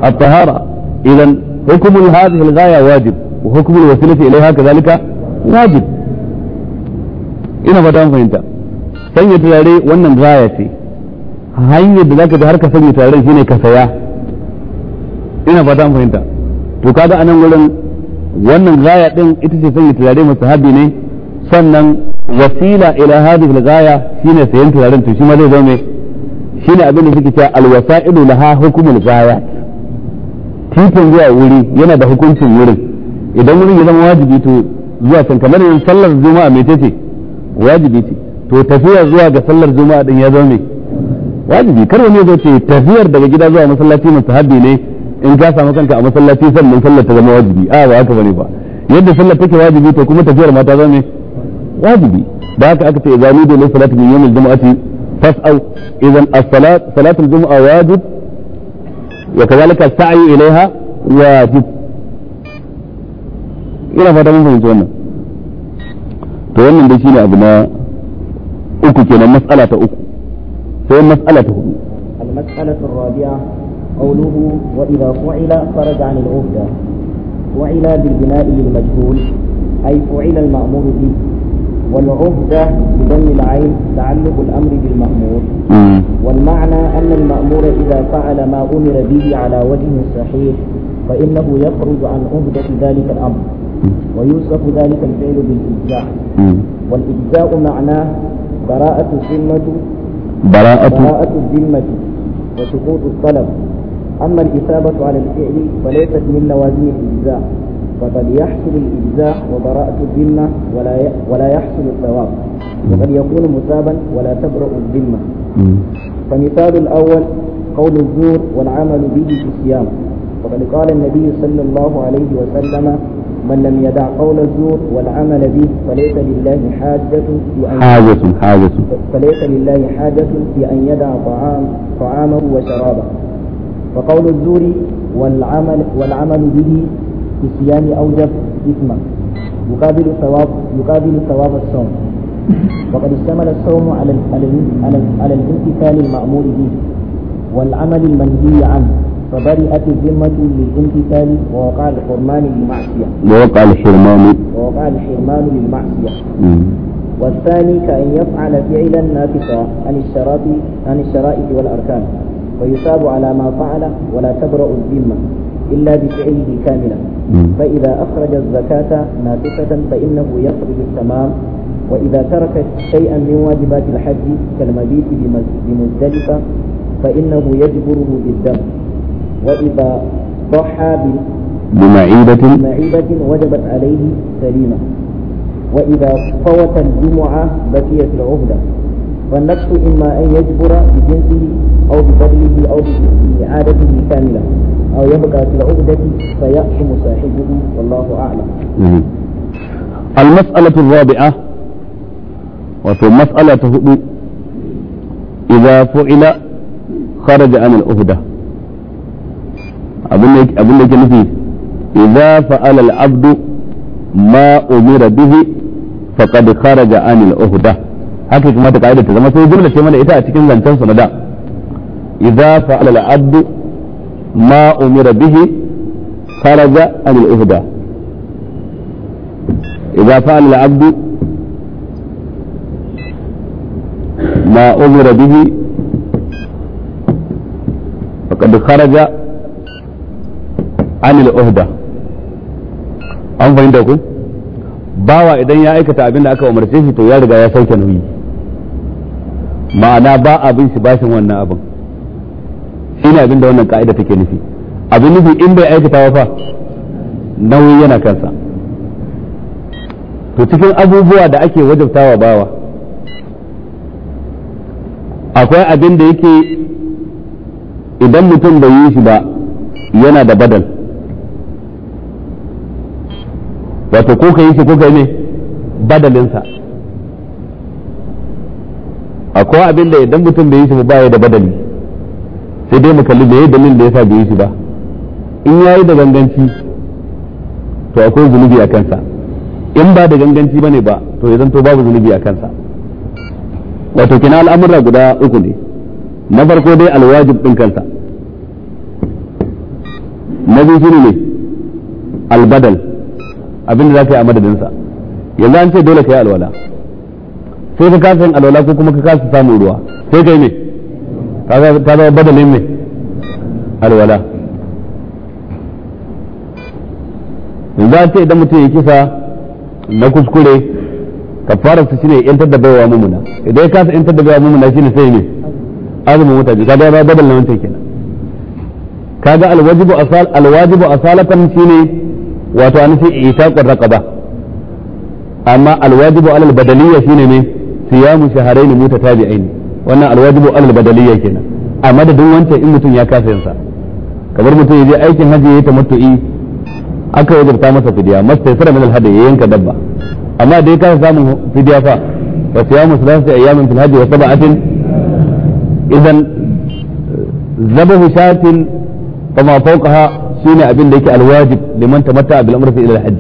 Speaker 1: at-tahara idan hukmul hadhihi al-ghaya wajib wa hukmul wasilati ilayha kadhalika wajib ina fata mun fahimta sanya turare wannan raya ce hanyar da zaka bi har ka sanya turaren shine ka saya ina fata an fahimta to kaga anan wurin wannan gaya din ita ce sanya turare sahabi ne sannan wasila ila hadhihi al-ghaya shine sayan turaren to shi ma zai zama shine abin da kike cewa al-wasailu laha hukmul ghaya titin zuwa wuri yana da hukuncin wurin idan wurin ya zama wajibi to zuwa can kamar yin sallar juma'a mai tace wajibi ce to tafiya zuwa ga sallar juma'a din ya zama wajibi kar wani zai ce tafiyar daga gida zuwa masallaci mustahabi ne in ka samu kanka a masallaci sannan sallar ta zama wajibi a ba haka bane ba yadda sallar take wajibi to kuma tafiyar mata zama wajibi da haka aka ce zani ni lai salatu min yawmil jumu'ati fas'au idan as-salat salatul jumu'a wajib wa kadhalika as-sa'yu ilaiha wajib ina fata mun fahimci wannan to wannan dai shine abu na uku kenan mas'ala ta uku sai mas'ala ta hudu
Speaker 3: المسألة الرابعة قوله وإذا فعل خرج عن العهدة فعل بالبناء للمجهول أي فعل المأمور به والعهدة بضم العين تعلق الأمر بالمأمور والمعنى أن المأمور إذا فعل ما أمر به على وجه صحيح فإنه يخرج عن عهدة ذلك الأمر ويوصف ذلك الفعل بالإجزاء والإجزاء معناه براءة الذمة براءة براءة الذمة وسقوط الطلب أما الإثابة على الفعل فليست من لوازم الإجزاء فقد يحصل الإجزاء وبراءة الذمة ولا ولا يحصل الثواب وقد يكون مثابا ولا تبرأ الذمة فمثال الأول قول الزور والعمل به في الصيام وقد قال النبي صلى الله عليه وسلم من لم يدع قول الزور والعمل به فليس لله حاجة في أن حاجة حاجة فليس لله حاجة في أن يدع طعام طعامه وشرابه فقول الزور والعمل والعمل به بصيام أوجب إثما يقابل ثواب يقابل ثواب الصوم وقد اشتمل الصوم على على على الامتثال المأمور به والعمل المنهي عنه فبرئت الذمة للامتثال ووقع الحرمان للمعصية
Speaker 1: ووقع الحرمان
Speaker 3: ووقع الحرمان للمعصية والثاني كأن يفعل فعلا نافقا عن الشرائط عن الشرائط والأركان ويثاب على ما فعل ولا تبرأ الذمة إلا بفعله كاملا فإذا أخرج الزكاة نافقة فإنه يخرج التمام وإذا ترك شيئا من واجبات الحج كالمبيت بمزدلفة فإنه يجبره بالدم وإذا ضحى
Speaker 1: بمعيبة
Speaker 3: بمعيبة وجبت عليه سليمة وإذا فوت الجمعة بقيت العهدة فالنفس إما أن يجبر بجنسه أو بفضله أو بإعادته كاملة أو يبقى في العهدة فيأثم صاحبه
Speaker 1: والله أعلم. نعم. المسألة الرابعة وفي هدوء إذا فعل خرج عن العهده abin da yake nufi idza fa'ala al-abdu ma umira bihi faqad kharaja anil uhda haka kuma ta kaida ta zama sai jumla ce mana ita a cikin zancen su na da idza fa'ala al-abdu ma umira bihi kharaja anil uhda idza fa'ala al-abdu ma umira bihi فقد خرج anil uhda an fahimta ku bawa idan ya aikata abin da aka umarce shi to ya riga ya sauke nauyi ma'ana ba abin shi bashin wannan abin shine abin da wannan ka'ida take nufi abin nufi in bai aikata fa nauyi yana kansa to cikin abubuwa da ake wajabtawa bawa akwai abin da yake idan mutum bai yi shi ba yana da badal wato ko ka yi shi ko ka yi ne badalinsa akwai abin da idan mutum bai yi shi ba ya da badali sai dai mu kalli da yadda min da yasa bai yi shi ba in yayi da ganganci to akwai zunubi a kansa in ba da ganganci bane ba to ya zanto babu zunubi a kansa wato kina al'amura guda uku ne na farko dai alwajib din kansa na biyu shi ne albadal abinda za ka yi a madadinsa yanzu an ce dole ka yi alwala sai ka kasa yin alwala ko kuma ka kasa samun ruwa sai ka yi ne ka zama badalin me alwala yanzu an ce idan mutum ya kisa na kuskure ka fara su shine yantar da baiwa mumuna idan ya kasa yantar da baiwa mumuna shine sai ne azumin mutane ka kaga ya badal na wancan kenan kaga alwajibu asal alwajibu asalatan shine wato an fi itaqur raqaba amma alwajibu alal badaliyya shine ne siyamu shahrayn mutatabi'ain wannan alwajibu alal badaliyya kenan a madadin wancan in mutum ya kasa yansa kamar mutum ya je aikin haji ya tamattu'i aka wajabta masa fidiya masta yasara min alhadi ya yanka dabba amma dai kasa samun fidiya fa wa siyamu thalathati ayamin fil haji wa sab'atin idan zabahu shatin fama fawqaha shine abin da yake alwajib liman tamatta bil umrati ila al-hajj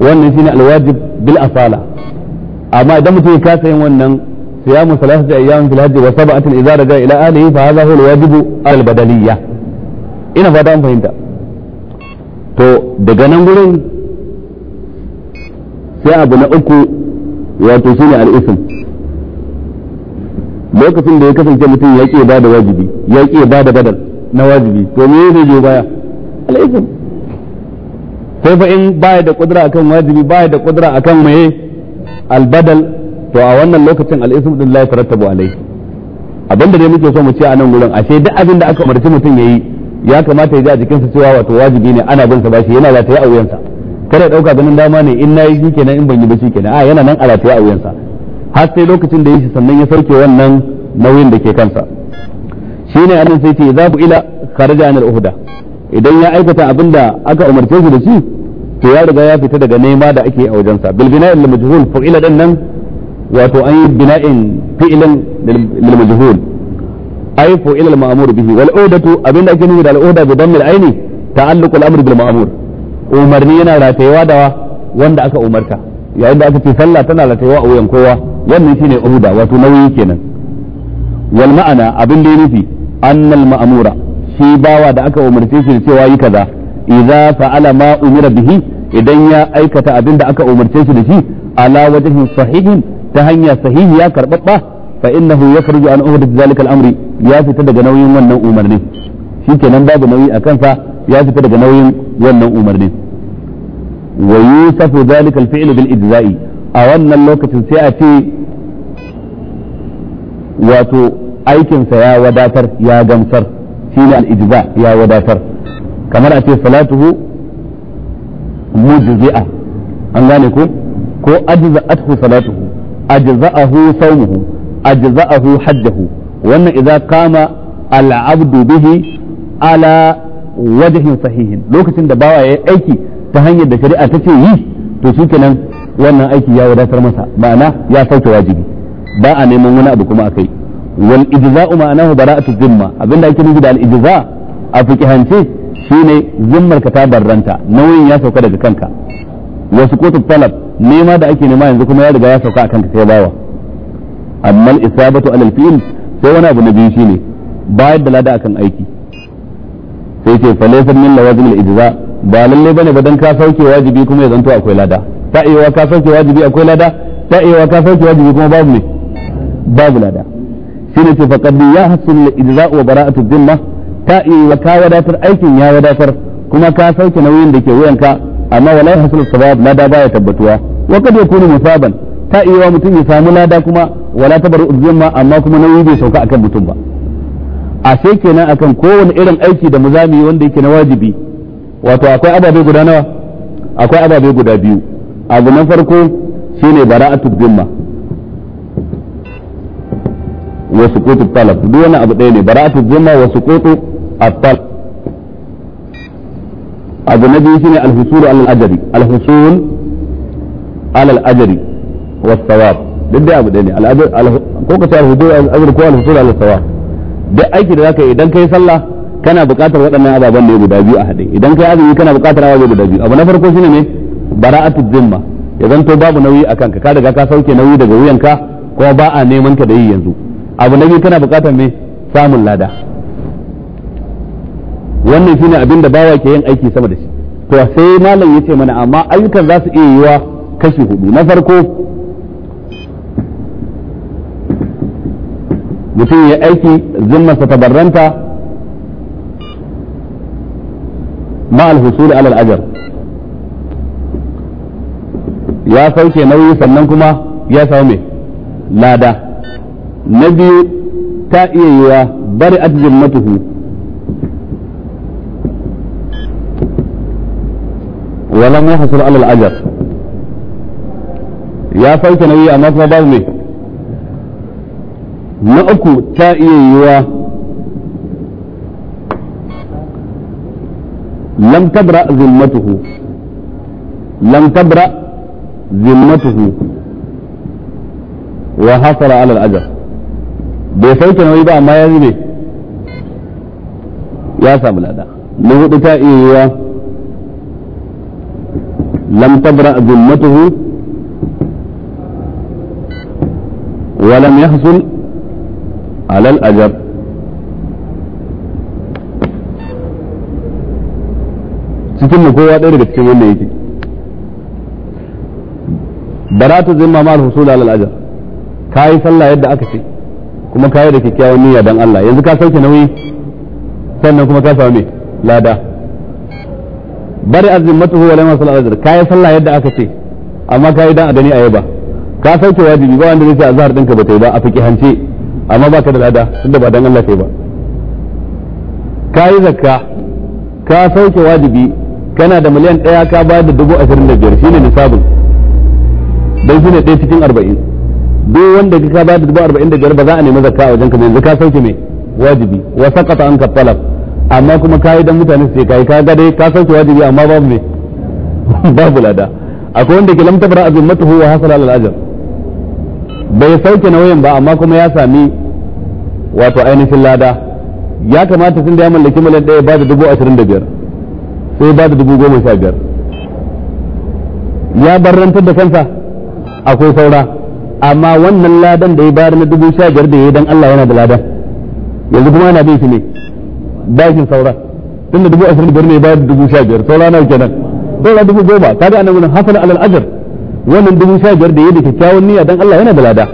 Speaker 1: wannan shine alwajib bil asala amma idan mutum ya kasa yin wannan siyamu salasati ayyamin fil hajj wa sab'atin idza raja ila ahlihi fa hadha huwa alwajibu al-badaliyya ina fata an fahimta to daga nan gurin sai abu na uku wato shine al-ism lokacin da ya kasance mutum ya ke ba da wajibi ya ke ba da badal na wajibi to me zai je baya alaikum sai fa in baya da kudura akan wajibi baya da kudura akan maye albadal to a wannan lokacin alaikum din la alai abinda dai muke so mu ce a nan gurin ashe duk abin da aka umarci mutum yi ya kamata ya ji a jikinsa cewa wato wajibi ne ana bin sa bashi yana da ta yi a wuyansa kada dauka ganin dama ne in nayi shi kenan in ban yi ba shi kenan a yana nan a rataye a wuyansa har sai lokacin da ya shi sannan ya sauke wannan nauyin da ke kansa shi shine anan sai ce za ku ila kharaja anil uhda idan ya aikata abin da aka umarce shi da shi to ya riga ya fita daga nema da ake a wajensa bil bina'in lil majhul ila din nan wato an yi bina'in fi'lan lil majhul ay fu'ila al ma'mur bihi wal uhdatu da ake nufi da al uhda bi dammil aini ta'alluq al amr bil ma'mur umarni yana ratayewa da wanda aka umarta yayin da aka ce sallah tana ratayewa a wuyan kowa wannan shine uhda wato nauyi kenan wal ma'ana abin da ya nufi annal ma'amura shi bawa da aka umarce shi da cewa yi kaza idza fa'ala ma umira bihi idan ya aikata abin da aka umarce shi da shi ala wajhin sahihin ta hanyar sahihi ya karbabba fa innahu yakhruju an uhdath zalika al-amri ya fita daga nauyin wannan umarni shikenan babu nauyi a kansa ya fita daga nauyin wannan umarni wa yusafu zalika al-fi'l bil ijza'i a wannan lokacin sai a ce wato aikinsa ya wadatar ya gamsar shi ne al'ijba ya wadatar kamar a ce salatuhu mujzi'a an gane ko ko ajza'athu salatuhu ajza'ahu sawmuhu ajza'ahu hajjahu wannan idza kama al'abdu bihi ala wajhin sahihin lokacin da bawa yayi aiki ta hanyar da shari'a ta ce yi to shikenan wannan aiki ya wadatar masa ma'ana ya sauke wajibi ba a neman wani abu kuma akai wal ijza'u ma'anahu bara'atu zimma da ake nufi da al ijza a fiqhance shine zimmar ka ta barranta nauyin ya sauka daga kanka wasu suqutu talab nema da ake nema yanzu kuma ya riga ya sauka a ka sai bawa amma al isabatu al fi'l sai wani abu na biyu shine bayar da lada akan aiki sai ce fa laysa min lawazim al ijza ba lalle ba dan ka sauke wajibi kuma ya zanto akwai lada ta iya wajibi akwai lada ta iya wajibi kuma lada shine ce faqad ya hasul ijza'u wa bara'atu dhimma ta yi wa ka wadatar aikin ya wadatar kuma ka sauke nauyin da ke wuyanka amma wala hasul sabab lada baya tabbatuwa wa kad yakunu musaban ta yi wa mutum ya samu lada kuma wala tabaru dhimma amma kuma nauyi bai sauka akan mutum ba a sai kenan akan kowane irin aiki da muzami wanda yake na wajibi wato akwai ababe guda nawa akwai ababe guda biyu abu na farko shine bara'atu dhimma wa suqutu talab abu ɗaya ne bara'atu dhimma wa suqutu at-talab abu na biyu shine al-husul duk dai abu ɗaya ne ko ka ce al-husul ko al-husul ala duk aiki da zaka yi idan kai sallah kana buƙatar waɗannan ababen ne guda biyu a haɗe idan kai azumi kana buƙatar ababen guda biyu abu na farko shine ne bara'atu ya zanto babu nauyi a kanka ka sauke nauyi daga ka kuma ba a neman ka da yanzu abu na biyu tana bukatar me samun lada wannan shine abin da bawa ke yin aiki sama da shi to sai malam ce mana amma ayyukan za su iya yiwa kashi hudu na farko mutum ya aiki zimmarsa tabarranta ma alhusul ala al ya sauke nauyi sannan kuma ya samu lada na biyu ta iya yiwa bari adjin matuhu wala mu hasul alal ajar ya farka na nauyi amma kuma ba mai na uku ta iya yiwa lam tabra zimmatuhu lam tabra zimmatuhu wa hasara alal ajar bai sauke nauyi ba amma ya zube ya samu lada na hudu ta iya yiwa lam tabra zummatuhu wa lam yahsul ala al-ajr cikin mu kowa ɗaya daga cikin wannan yake ba za ta zimma ma al alal ala ka yi sallah yadda aka ce kuma kayi da kyakkyawan niyya dan Allah yanzu ka sauke nauyi sannan kuma ka samu me lada bari azimmatuhu wa lam yasal ajr kayi sallah yadda aka ce amma kayi dan a gani a yaba ka sauke wajibi ba wanda zai ce azhar dinka bata yi ba a fiqihance amma ba ka da lada tunda ba dan Allah kai ba kayi zakka ka sauke wajibi kana da miliyan ɗaya ka bayar da dubu ashirin da biyar shine nisabin don shine ɗaya cikin arba'in duk wanda ka ba da dubu arba'in da biyar ba za a nemi zakka a wajen ka yanzu ka sauke mai wajibi wa saqata an talab amma kuma kayi dan mutane su kai ka ga dai ka sauke wajibi amma babu mai [LAUGHS] babu lada akwai wanda ke lam tabara azimatuhu wa hasala al ajr bai sauke nauyin ba amma kuma ya sami wato ainihin lada ya kamata tun da ya mallaki miliyan ɗaya ba da dubu ashirin da biyar sai ba da dubu goma sha biyar ya barrantar da kansa akwai saura amma wannan ladan da ya bayar na dubu sha biyar da ya yi dan Allah yana da ladan yanzu kuma yana bin shi ne bashin saura tunda dubu ashirin biyar ne bayar da dubu sha biyar saura nawa kenan saura dubu goma kaga anan gurin hasan alal ajr wannan dubu sha biyar da ya yi da kyakkyawan niyya dan Allah yana da lada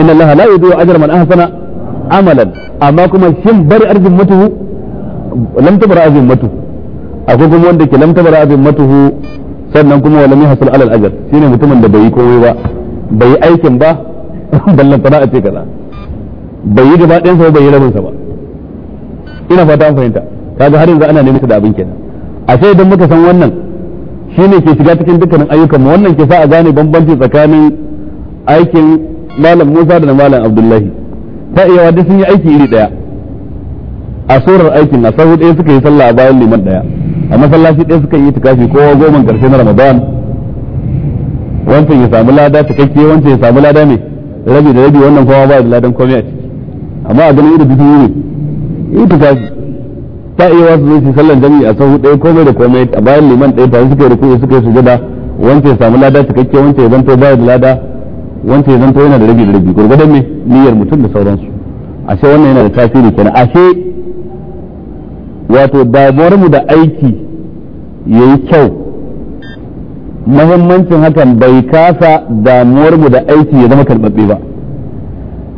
Speaker 1: inna Allah la yudiyu ajra man ahsana amalan amma kuma shin bari arzin mutuhu lam tabra arzin mutu akwai kuma wanda ke lam tabra arzin mutuhu sannan kuma walam yahsul alal ajr shine mutumin da bai yi komai ba bai yi aikin ba [LAUGHS] ballan tana a ce kaza bai yi gaba ɗayansa ba bai yi rabinsa ba ina fata an fahimta kaga har yanzu ana neman da abin kenan a sai idan muka san wannan shine ke shiga cikin dukkanin ayyukan mu wannan ke sa a gane bambanci tsakanin aikin malam Musa da malam Abdullahi ta iya wa sun yi aiki iri daya a surar aikin a sahu ɗaya suka yi sallah a bayan liman daya a masallaci ɗaya suka yi tukafi kowa goma karshe na Ramadan wancan ya samu lada ta kakke wancan ya samu lada ne rabi da rabi wannan kuma ba da ladan komai a ciki amma a ganin irin bidiyo ne in ta iya wasu zai sallan jami a sahu ɗaya komai da komai a bayan liman ɗaya tare suka yi kuɗi suka yi sujada wancan ya samu lada ta kakke wancan ya zanto ba da lada wancan ya zanto yana da rabi da rabi gurgudan ne niyyar mutum da sauransu ashe wannan yana da tasiri kenan ashe wato damuwar mu da aiki yayi kyau muhimmancin hakan bai kasa damuwarmu da aiki ya zama karɓaɓɓe ba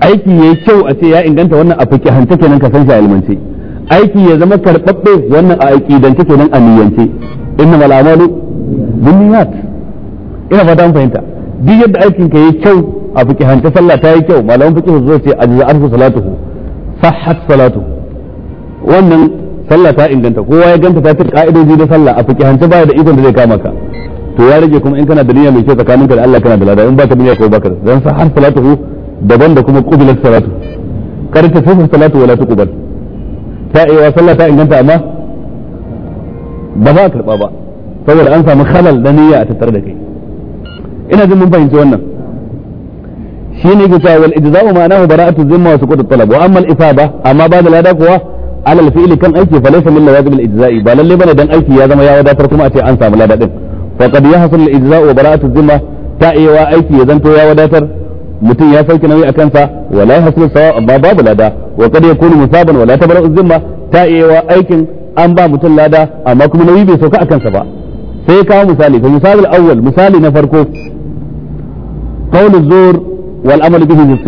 Speaker 1: aiki ya kyau a ce ya inganta wannan a hanta kenan ka san shi a ilmance aiki ya zama karɓaɓɓe wannan a aiki dan take nan a niyyance inna mal amalu binniyat ina fata an fahimta duk yadda aikin ka yi kyau a hanta sallah ta yi kyau malaman fikihu zo ce ajza arfu salatuhu sahhat salatu wannan sallah ta inganta kowa ya ganta ta cika ka'idoji da sallah a hanta ba da ikon da zai kama ka to ya rage kuma in kana da niyya mai kyau tsakaninka da Allah kana da lada in baka niyya ko baka dan sa har salatuhu daban da kuma qubilat salatu kar ta tafi salatu wala tuqbal ta iya sallah ta inganta amma ba za karba ba saboda an samu khalal da niyya a tattare da kai ina jin mun fahimci wannan shi ne bisa wal ijza'u ma'anahu bara'atu zimma wa suqut talab wa amma al isaba amma ba da lada kuwa alal fi'li kan aiki fa laysa min lawazim al ijza'i ba lalle bane dan aiki ya zama ya wadatar kuma a ce an samu lada din fa qad yahsul al-ijza wa bara'atu dhimma ta iya aiki ya zanto ya wadatar mutum ya sauke nauyi a kansa wala yahsul sawa amma babu lada wa qad yakunu musaban wala tabara'u dhimma ta iya aikin an ba mutum lada amma kuma nauyi bai sauka a kansa ba sai kawo misali fa misali al misali na farko qawlu zur wal amal bihi bis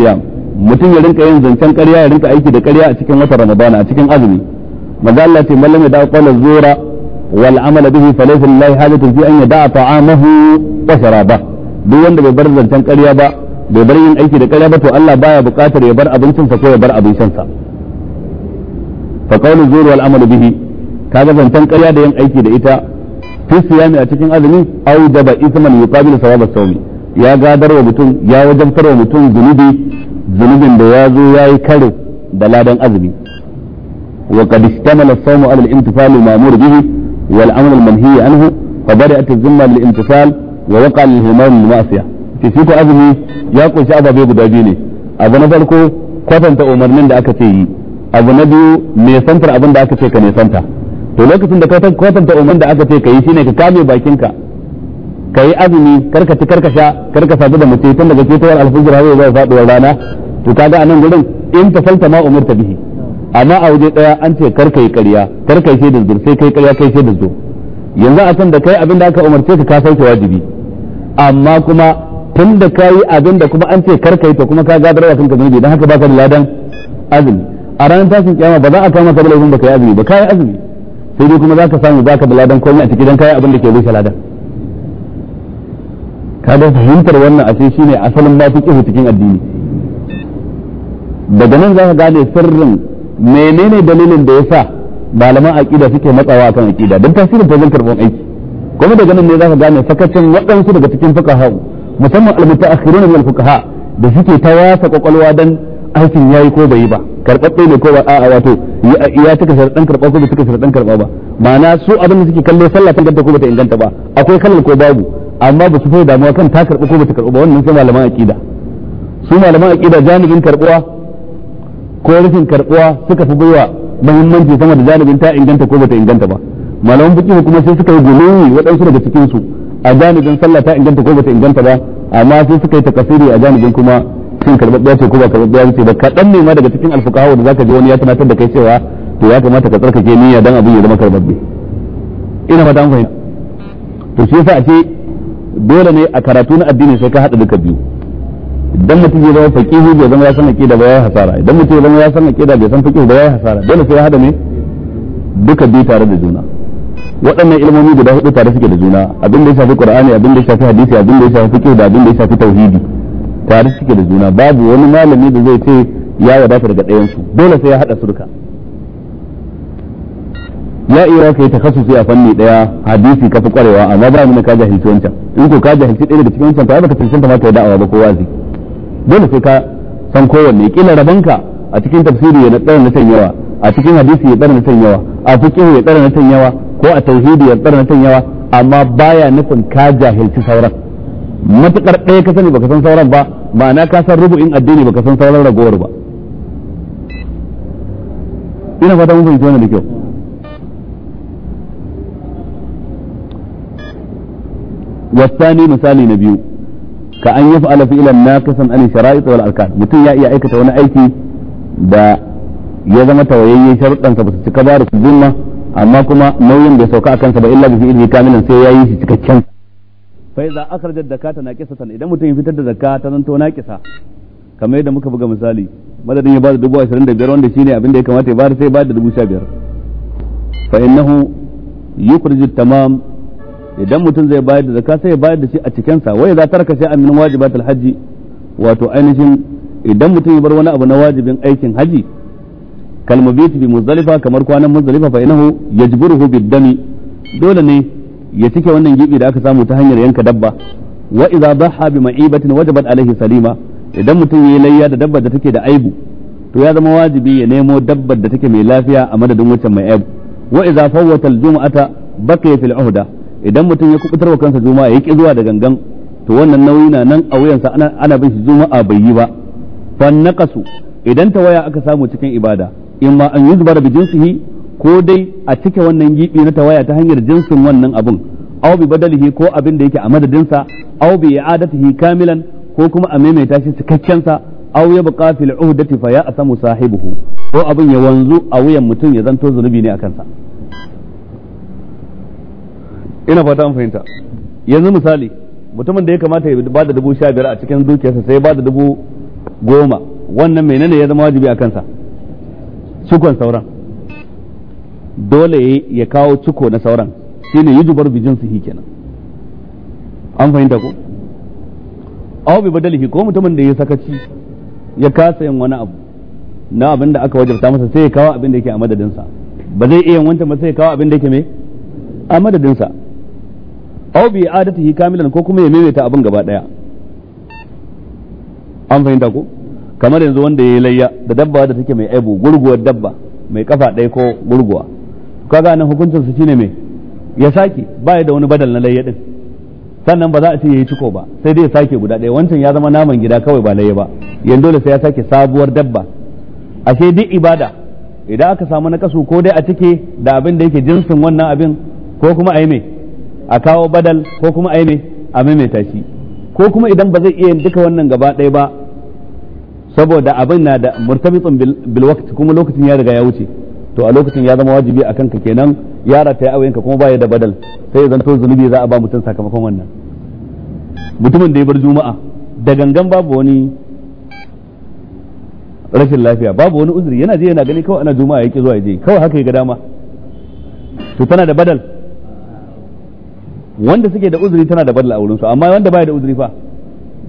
Speaker 1: mutum ya rinka yin zancen ƙarya ya rinka aiki da karya a cikin ramadana a cikin azumi manzo Allah ce da والعمل به فليس لله حاجة في أن يدع طعامه وشرابه duk wanda bai bar zancen ƙarya ba bai bar yin aiki da ƙarya ba to Allah baya bukatar ya bar abincin sa ko ya bar abincinsa. shan sa fa qawlu zuru wal bihi kaga zancen ƙarya da yin aiki da ita fi siyami a cikin azumi au daba isman yuqabilu sawab as ya gadar wa mutum ya wa mutum zunubi zunubin da ya zo ya yi kare da ladan azumi wa qad istamala as-sawmu ala al bihi والأمر المنهي عنه فبدأت الذمة للامتثال ووقع للهمام المعصية في شيكو أبهي يقول شعب بيقو دابيني أبو نفلكو kwatanta ta umarnin da aka ce yi abu na biyu mai santar abin da aka ce ka ne santa to lokacin da ka kwatanta umarnin da aka ce ka yi shine ka kame bakinka ka yi azumi karka ci karka sha karka sadu da mace tun daga fitowar alfajir har zuwa faduwar rana to kaga anan gurin in ta salta ma umarta bihi amma a waje daya an ce kar kai ƙarya kar kai shaidar zur sai kai ƙarya kai shaidar zur yanzu a san da kai abin da aka umarce ka ka sauke wajibi amma kuma tun da kayi abin da kuma an ce kar kai to kuma ka gadar wa kanka zunubi don haka baka da ladan azumi a ranar tashin kiyama ba za a kama ka da laifin baka yi azumi ba ka yi azumi sai dai kuma zaka samu baka da ladan komai a cikin dan kai abin da ke rushe ladan Kada fahimtar wannan ashe shine asalin ma fiqh cikin addini daga nan za ka gane sirrin menene dalilin da yasa malaman aqida suke matsawa akan aqida don tasirin ta zan karɓar aiki kuma daga nan ne za ka gane sakacin waɗansu daga cikin fuqaha musamman al-mutaakhirun min al-fuqaha da suke ta wasa kwakwalwa dan aikin yayi ko bai yi ba karɓaɓɓe ne ko ba a'a wato ya cika sharaɗan karɓa ko bai cika sharaɗan karɓa ba ma'ana su abin da suke kalle sallah ta ganta ko bata inganta ba akwai kallon ko babu amma ba su fi damuwa kan ta karɓi ko bata karɓi ba wannan sai malaman aqida su malaman aqida jami'in karɓuwa ko rashin karbuwa suka fi baiwa muhimmanci sama da janibin ta inganta ko bata inganta ba malaman fiqh kuma sai suka yi guluwi waɗansu daga cikin su a janibin sallah ta inganta ko bata inganta ba amma sai suka yi takasiri a janibin kuma shin karbabbiya ce ko ba karbabbiya ce ba kaɗan ne ma daga cikin alfuqaha da zaka ji wani ya tunatar da kai cewa to ya kamata ka tsarkake niyya dan abin ya zama karbabbi ina fata an fahimta to shi yasa a ce dole ne a karatu na addini sai ka haɗa duka biyu idan mutum zai zama faqihu bai zama ya san aqida ba ya hasara idan mutum zai zama ya san aqida bai san faqihu ba ya hasara dole sai ya hada ne duka biyu tare da juna waɗannan ilmomi guda hudu tare suke da juna abin da ya shafi qur'ani abin da ya shafi hadisi abin da ya shafi fiqh da abin da ya shafi tauhidi tare suke da juna babu wani malami da zai ce ya wadata daga ɗayan su dole sai ya hada su duka ya iya kai sai a fanni daya hadisi kafi kwarewa amma ba mu ka jahilci wancan in ko ka jahilci ɗaya daga cikin wancan ta ba ka tantance ma ka da'awa ba ko wazi dole sai ka san kowanne kila rabanka a cikin tafsiri ya tsara na san yawa a cikin hadisi ya tsara na san yawa a fiqh ya tsara na san yawa ko a tauhidi ya tsara na san yawa amma baya nufin ka jahilci sauran matukar ɗaya ka sani baka san sauran ba ma'ana ka san rubu'in addini baka san sauran ragowar ba ina fata mun fahimci wannan da kyau والثاني misali na biyu ka an yaf'ala fi'lan naqisan an shara'it wal arkan mutum ya iya aikata wani aiki da ya zama tawayayye sharuɗan sa ba su cika ba rukunna amma kuma nauyin bai sauka akan sa ba illa bi fi'lihi kamilan sai ya yi shi cikakken fa idza akhrajat zakata naqisatan idan mutum ya fitar da zakata nan to naqisa kamar yadda muka buga misali madadin ya bada dubu ashirin da biyar wanda shine abin da ya kamata ya bada sai ya bada dubu sha biyar fa innahu yukhrij tamam idan mutum zai bayar da zakka sai ya bayar da shi a cikin sa wai za tarka sai amin wajibatul hajji wato ainihin idan mutum ya bar wani abu na wajibin aikin haji kalmabiti bi muzdalifa kamar kwanan muzdalifa fa inahu yajburuhu bid-dami dole ne ya cike wannan gibi da aka samu ta hanyar yanka dabba wa idza dhaha bi ma'ibatin wajabat alaihi salima idan mutum yayi layya da dabbar da take da aibu to ya zama wajibi ya nemo dabbar da take mai lafiya a madadin wancan mai aibu wa idza fawwata al-jum'ata baqiya fil 'uhda idan mutum ya kubutar wa kansa juma'a ya yi zuwa da gangan to wannan nauyi na nan a wuyansa ana bin shi juma'a bai yi ba fa naqasu idan waya aka samu cikin ibada in ma an yuzbar bi jinsihi ko dai a cike wannan gibi na tawaya ta hanyar jinsin wannan abun aw bi badalihi ko abin da yake a madadin sa aw bi i'adatihi kamilan ko kuma a maimaita shi cikakken sa aw ya buqa fil uhdati fa ya asamu sahibihi ko abin ya wanzu a wuyan mutum ya zanto zunubi ne a kansa ina fata an fahimta yanzu misali mutumin da ya kamata ya ba da dubu sha biyar a cikin dukiyarsa sai ya ba da dubu goma wannan menene ya zama wajibi a kansa cikon sauran dole ya kawo ciko na sauran shine zubar bijin su kenan an fahimta ko awo bi badalihi ko mutumin da ya sakaci ya kasa yin wani abu na abin da aka wajabta masa sai ya kawo abin da yake a madadinsa ba zai iya wancan ba sai ya kawo abin da yake mai a madadinsa aw bi adatihi kamilan ko kuma ya maimaita abin gaba daya an fahimta ko kamar yanzu wanda ya layya da dabba da take mai aibu gurguwar dabba mai kafa ɗaya ko gurguwa kaga nan hukuncin su shine mai ya sake baya da wani badal na layya din sannan ba za a ce yayi ciko ba sai dai ya sake guda ɗaya wancan ya zama naman gida kawai ba layya ba yanzu dole sai ya sake sabuwar dabba ashe duk ibada idan aka samu na kasu ko dai a cike da abin da yake jinsin wannan abin ko kuma a yi mai a kawo badal ko kuma a ne a maimaita shi ko kuma idan ba zai iya duka wannan gaba ɗaya ba saboda abin na da murtabitsin bil waqt kuma lokacin ya riga ya wuce to a lokacin ya zama wajibi a kanka kenan ya rataya awayenka kuma ya da badal sai zan to zunubi za a ba mutum sakamakon wannan mutumin da ya bar juma'a da gangan babu wani rashin lafiya babu wani uzuri yana je yana gani kawai ana juma'a yake zuwa ya je kawai haka ya ga dama to tana da badal wanda suke da uzuri tana da badal a wurin su amma wanda baya da uzuri fa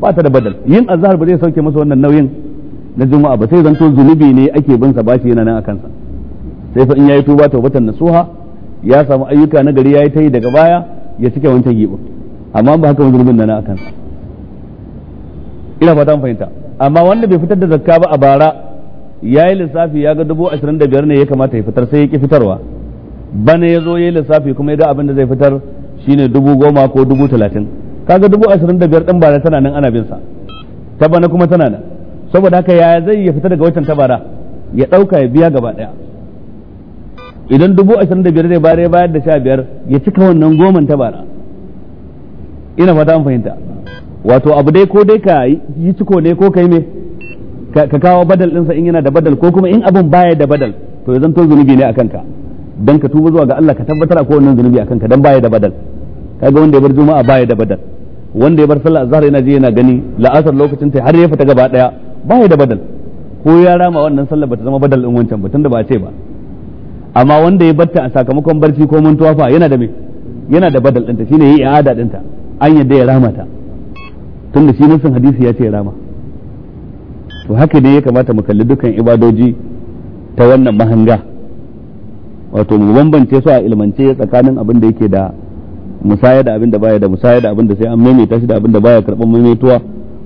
Speaker 1: ba ta da badal yin azhar ba zai sauke masa wannan nauyin na juma'a ba sai zanto zunubi ne ake bin sa bashi yana nan a kansa sai fa in yayi tuba tawbatan nasuha ya samu ayyuka na gari yayi tayi daga baya ya cike wancan gibo amma ba haka zunubin nan a kansa ina fata mun fahimta amma wanda bai fitar da zakka ba a bara yayi lissafi ya ga dubu ashirin da biyar ne ya kamata ya fitar sai ya ki fitarwa bana ya zo ya yi lissafi kuma ya ga abin da zai fitar shine dubu goma ko dubu talatin kaga dubu ashirin da biyar ɗin bara tana nan ana bin sa ta bana kuma tana nan saboda haka yaya zai ya fita daga watan ta bara ya ɗauka ya biya gaba ɗaya idan dubu ashirin da biyar zai bare bayar da sha biyar ya cika wannan goman ta bara ina fata an fahimta wato abu dai ko dai ka yi ciko ne ko kai me ka kawo badal ɗinsa in yana da badal ko kuma in abin baya da badal to ya zanto zunubi ne a kanka don ka tuba zuwa ga Allah ka tabbatar a kowannan zunubi a kanka don baya da badal kaga wanda ya bar juma'a baya da badal wanda ya bar sallah azhar yana ji yana gani la'asar lokacin ta har ya fita gaba daya baya da badal ko ya rama wannan sallah bata zama badal din wancan ba tunda ba a ce ba amma wanda ya batta a sakamakon barci ko mantuwa fa yana da me yana da badal ta shine yi i'ada ta an yadda ya rama ta tunda shi nan hadisi ya ce ya rama to haka dai ya kamata mu kalli dukkan ibadoji ta wannan mahanga wato mu bambance su a ilmance tsakanin abin da yake da musaya da abin da baya da musaya da abin da sai an maimaita shi da abin da baya karɓar maimaituwa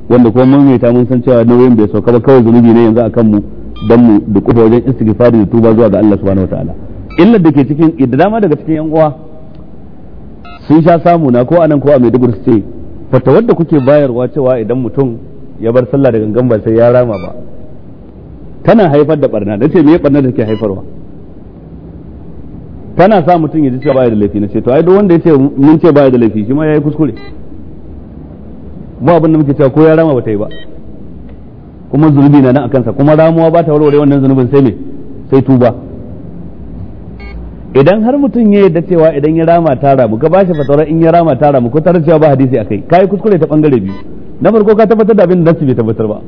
Speaker 1: wanda kuma maimaita mun san cewa nauyin bai sauka ba kawai zunubi ne yanzu akan mu dan mu da kufa wajen istighfari da tuba zuwa ga Allah subhanahu ta'ala. illar da ke cikin da dama daga cikin yan uwa sun sha samu na ko anan ko a Maiduguri su ce fatawar da kuke bayarwa cewa idan mutum ya bar sallah da gangan ba sai ya rama ba tana haifar da barna da ce me barna da ke haifarwa tana sa mutum ya ji cewa baya da laifi na ce to ai duk wanda ya ce mun ce baya da laifi shi ma yayi kuskure ba abin da muke cewa ko ya rama bata yi ba kuma zunubi na nan a kansa kuma ramuwa ba ta warware wannan zunubin sai me sai tuba idan har mutum ya yadda cewa idan ya rama ta ramu ka bashi fatawar in ya rama ta ramu ko tarar cewa ba hadisi akai kai kuskure ta bangare biyu na farko ka tabbatar da abin da nasu bai tabbatar ba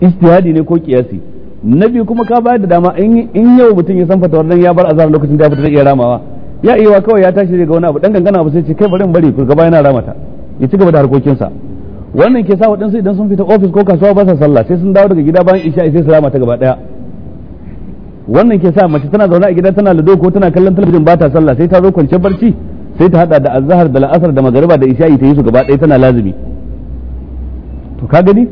Speaker 1: istihadi ne ko kiyasi na biyu kuma ka bayar da dama in yau mutum ya san fata wannan ya bar azar lokacin da ya fita da iya ramawa ya iya wa kawai ya tashi daga wani abu dan gangana ba sai ce kai bari in bari gaba yana ramata ya ci gaba da harkokinsa wannan ke sa waɗansu idan sun fita ofis ko kasuwa ba sa sallah sai sun dawo daga gida bayan isha sai su ramata gaba daya wannan ke sa mace tana zaune a gida tana lado ko tana kallon talabijin ba ta sallah sai ta zo kwanciyar barci sai ta hada da azhar da la'asar da magariba da isha'i ta yi su gaba daya tana lazimi to ka gani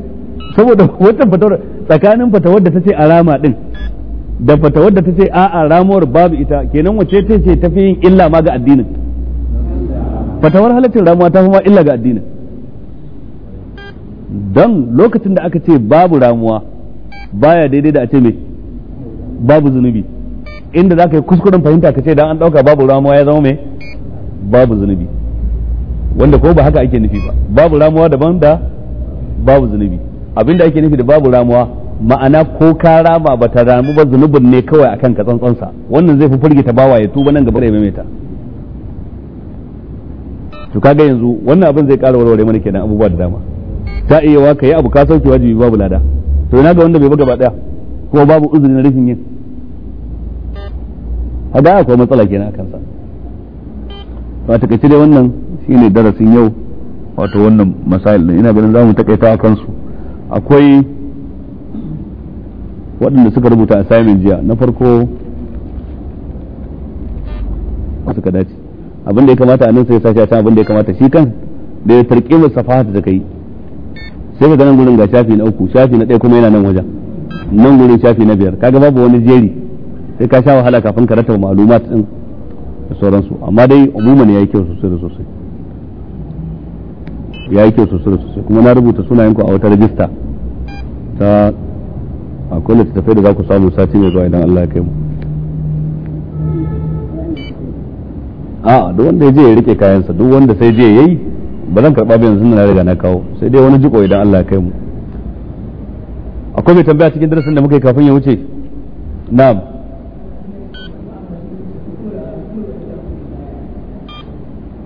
Speaker 1: saboda wata fatawar tsakanin fatawar da tace a rama din da fatawar da tace a'a ramuwar babu ita kenan wace ta ce tafi yin illa ma ga addinin fatawar halittar ramuwa ta kuma illa ga addinin don lokacin da aka ce babu ramuwa baya daidai da a ce me babu zunubi inda za ka yi kuskuren fahimta ka ce dan an dauka babu ramuwa ya zama me babu zunubi wanda ko ba haka ake nufi ba babu ramuwa daban da babu zunubi abinda ake nufi da babu ramuwa ma'ana ko ka rama ba ta ramu ba zunubin ne kawai akan ka tsantsansa wannan zai fi firgita bawa ya tuba nan gaba da ya maimaita to kaga yanzu wannan abin zai ƙara warware mana kenan abubuwa da dama ta iya wa ka yi abu ka sauke wajibi babu lada to ina ga wanda bai buga ba daya kuma babu uzuri na rufin yin hada akwai matsala kenan akan sa ba ta kace dai wannan shine darasin yau wato wannan masail ina ganin zamu takaita akan su akwai waɗanda suka rubuta assignment jiya na farko suka dace abinda ya kamata a nan sai sashi a can abinda ya kamata shi kan da ya tarƙi masa fahata da kai sai ka ganin gurin ga shafi na uku shafi na ɗaya kuma yana nan wajen nan gurin shafi na biyar kaga babu wani jeri sai ka sha wahala kafin ka ratawa ma'lumat din da sauransu amma dai umuman yi kyau sosai da sosai ya yi kyau sosai sosai kuma na rubuta sunayenku a wata rajista ta akwai littattafai da za ku samu sati mai zuwa idan Allah kai mu a duk wanda ya je ya rike kayansa duk wanda sai je yi ba zan karba ba yanzu na riga na kawo sai dai wani jiko idan Allah ya kai mu akwai mai tambaya cikin darasin da muka yi kafin ya wuce na'am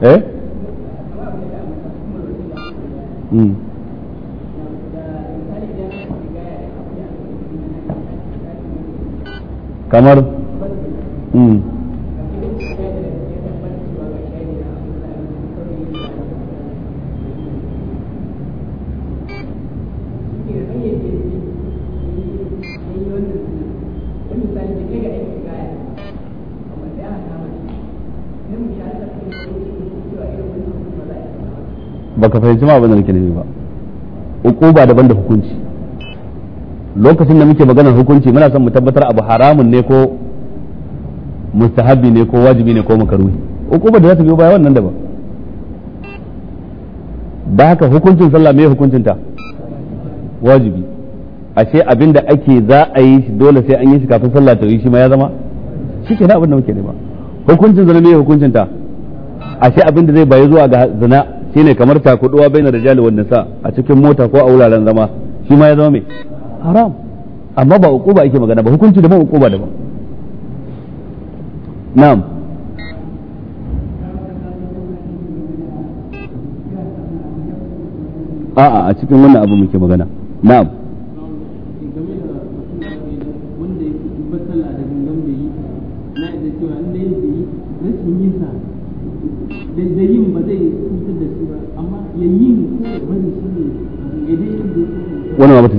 Speaker 4: eh Mm.
Speaker 1: kamar mm. baka fahimci ma abin da nake nufi ba uquba daban da hukunci lokacin da muke maganar hukunci muna son mu tabbatar abu haramun ne ko mustahabi ne ko wajibi ne ko makaruhi uquba da za ta biyo baya wannan daban ba haka hukuncin sallah me ta wajibi ashe abin da ake za a yi shi dole sai an yi shi kafin sallah ta yi shi ma ya zama shi ke abin da muke nema hukuncin zina me ta ashe abin da zai bayi zuwa ga zina shine kamar takuduwa bainar rijali wan nisa a cikin mota ko a wuraren zama shi ma ya zama mai haram amma ba uquba yake magana ba hukunci daban da ba na'am a'a a cikin wannan abu muke magana na'am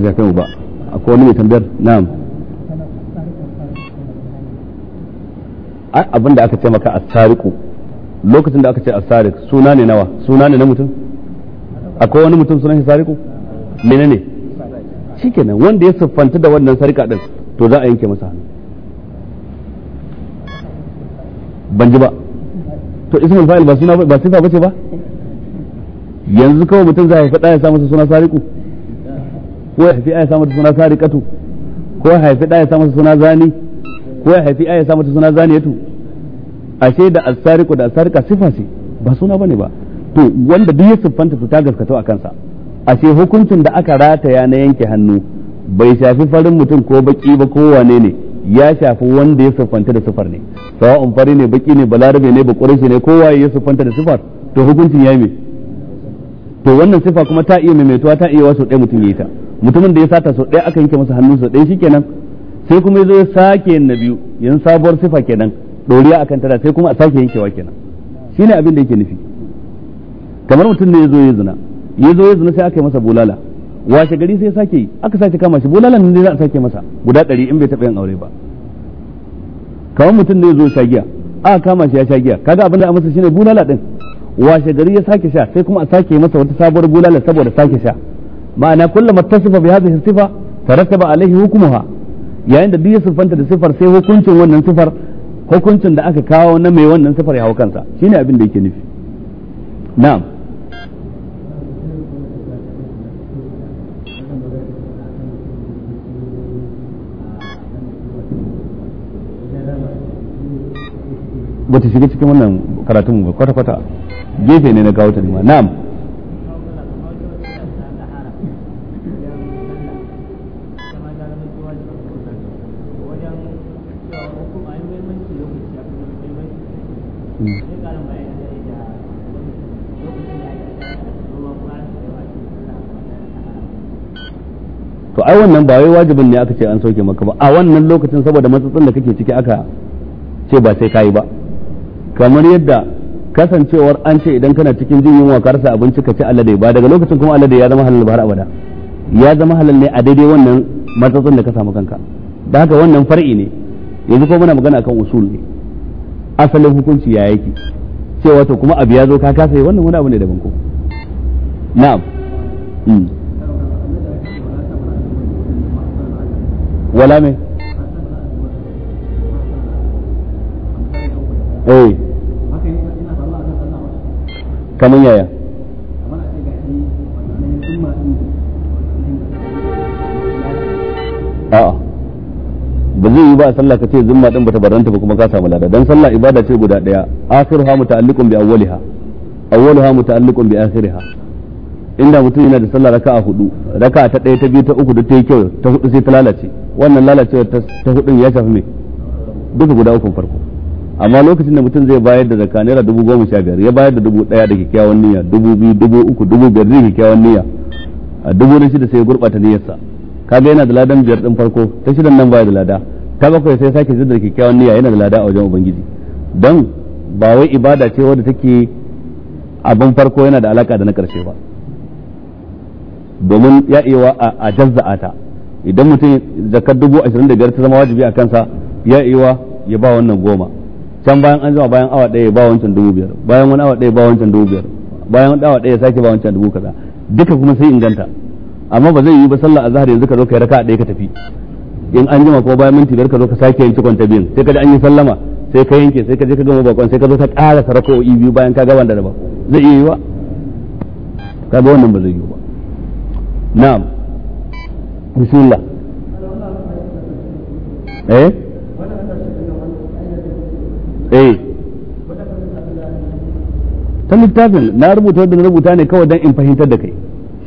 Speaker 1: lokaci ya kai ba akwai wani mai tambayar na'am abin da aka ce maka asariku lokacin da aka ce asarik suna ne nawa suna ne na mutum akwai wani mutum sunan shi sariku menene shikenan wanda ya siffanta da wannan sarika din to za a yanke masa hannu ban ji ba to ismul fa'il ba suna ba sifa bace ba yanzu kawai mutum za ya faɗa ya sa masa suna sariku ko ya haifi ya sa mata suna sariqatu ko ya haifi da ya sa mata suna zani ko ya haifi ya sa mata suna zaniyatu ashe da as-sariqu da as-sariqa sifa ce ba suna bane ba to wanda duk ya siffanta to ta gaskata a kansa ashe hukuncin da aka rataya na yanke hannu bai shafi farin mutum ko baki ba ko wane ne ya shafi wanda ya siffanta da sifar ne sawa'un fari ne baki ne balarabe ne ba quraishi ne kowa ya siffanta da sifar to hukuncin ya me to wannan sifa kuma ta iya maimaituwa ta iya wasu ɗaya mutum ya yi ta mutumin da ya sata sau ɗaya aka yanke masa hannu sau ɗaya shikenan sai kuma ya zo ya sake yin na biyu yanzu sabuwar sifa kenan ɗoriya akan tada sai kuma a sake yankewa kenan shine abin da yake nufi kamar mutum ne ya zo ya zina ya zo ya zina sai aka yi masa bulala washe gari sai sake yi aka sake kama shi bulalan ne za a sake masa guda ɗari in bai taɓa yin aure ba kamar mutum ne ya zo sha giya aka kama shi ya sha giya kaga abin da a masa shine bulala din washe gari ya sake sha sai kuma a sake masa wata sabuwar bulala saboda sake sha ma'ana kullu mattasifa bi hadhihi sifa tarattaba alaihi hukmuha yayin da duk sifanta da sifar sai hukuncin wannan sifar hukuncin da aka kawo na mai wannan sifar ya hau kansa shine abin da yake nufi na'am bata shiga cikin wannan karatun kwata-kwata gefe ne na kawo ta na'am ai wannan ba wai wajibin ne aka ce an sauke maka ba a wannan lokacin saboda matsatsin da kake ciki aka ce ba sai kayi ba kamar yadda kasancewar an ce idan kana cikin jin yunwa ka rasa abinci ka ci alade ba daga lokacin kuma alade ya zama halal ba har abada ya zama halal ne a daidai wannan matsatsin da ka samu kanka da haka wannan far'i ne yanzu ko muna magana akan usul ne asalin hukunci ya yake cewa to kuma abu ya zo ka kasa wannan wani abu ne daban ko na'am hmm. wala me eh kamun yaya a'a ba zai yi ba a sallah ka ce zumma din bata barranta ba kuma ka samu lada dan sallah ibada ce guda daya akhiruha muta'alliqun bi awwaliha awwaluha muta'alliqun bi akhiriha inda mutum yana da sallah raka'a hudu raka'a ta daya ta biyu ta uku da ta yi kyau ta hudu sai ta lalace wannan lalacewar ta hudun ya shafi me duka guda ukun farko amma lokacin da mutum zai bayar da zakka naira dubu goma sha biyar ya bayar da dubu daya da kyakkyawan niyya dubu biyu dubu uku dubu biyar da kyakkyawan niyya a dubu na shida sai ya gurɓata niyyarsa kaga yana da ladan biyar din farko ta shidan nan baya da lada ta bakwai sai sake da kyakkyawan niyya yana da lada a wajen ubangiji don ba wai ibada ce wadda take abin farko yana da alaka da na karshe ba domin ya iya a jazza'ata ta idan mutum zakar dubu ashirin da biyar ta zama wajibi a kansa ya iwa ya ba wannan goma can bayan an zama bayan awa ɗaya ya ba wancan dubu biyar bayan wani awa ɗaya ya ba wancan dubu biyar bayan wani awa ɗaya ya sake ba wancan dubu kaza duka kuma sai inganta amma ba zai yi ba sallah azhar yanzu ka zo kai raka'a ɗaya ka tafi in an jima kuma bayan minti biyar ka zo ka sake yin cikon biyun sai ka ji an yi sallama sai ka yanke sai ka je ka gama bakon sai ka zo ka ƙara sarako'i biyu bayan ka gaban da ba zai iya yi kaga wannan ba zai yi ba na'am bismillah eh eh ta littafin na rubuta wadda na rubuta ne kawai don in fahimtar da kai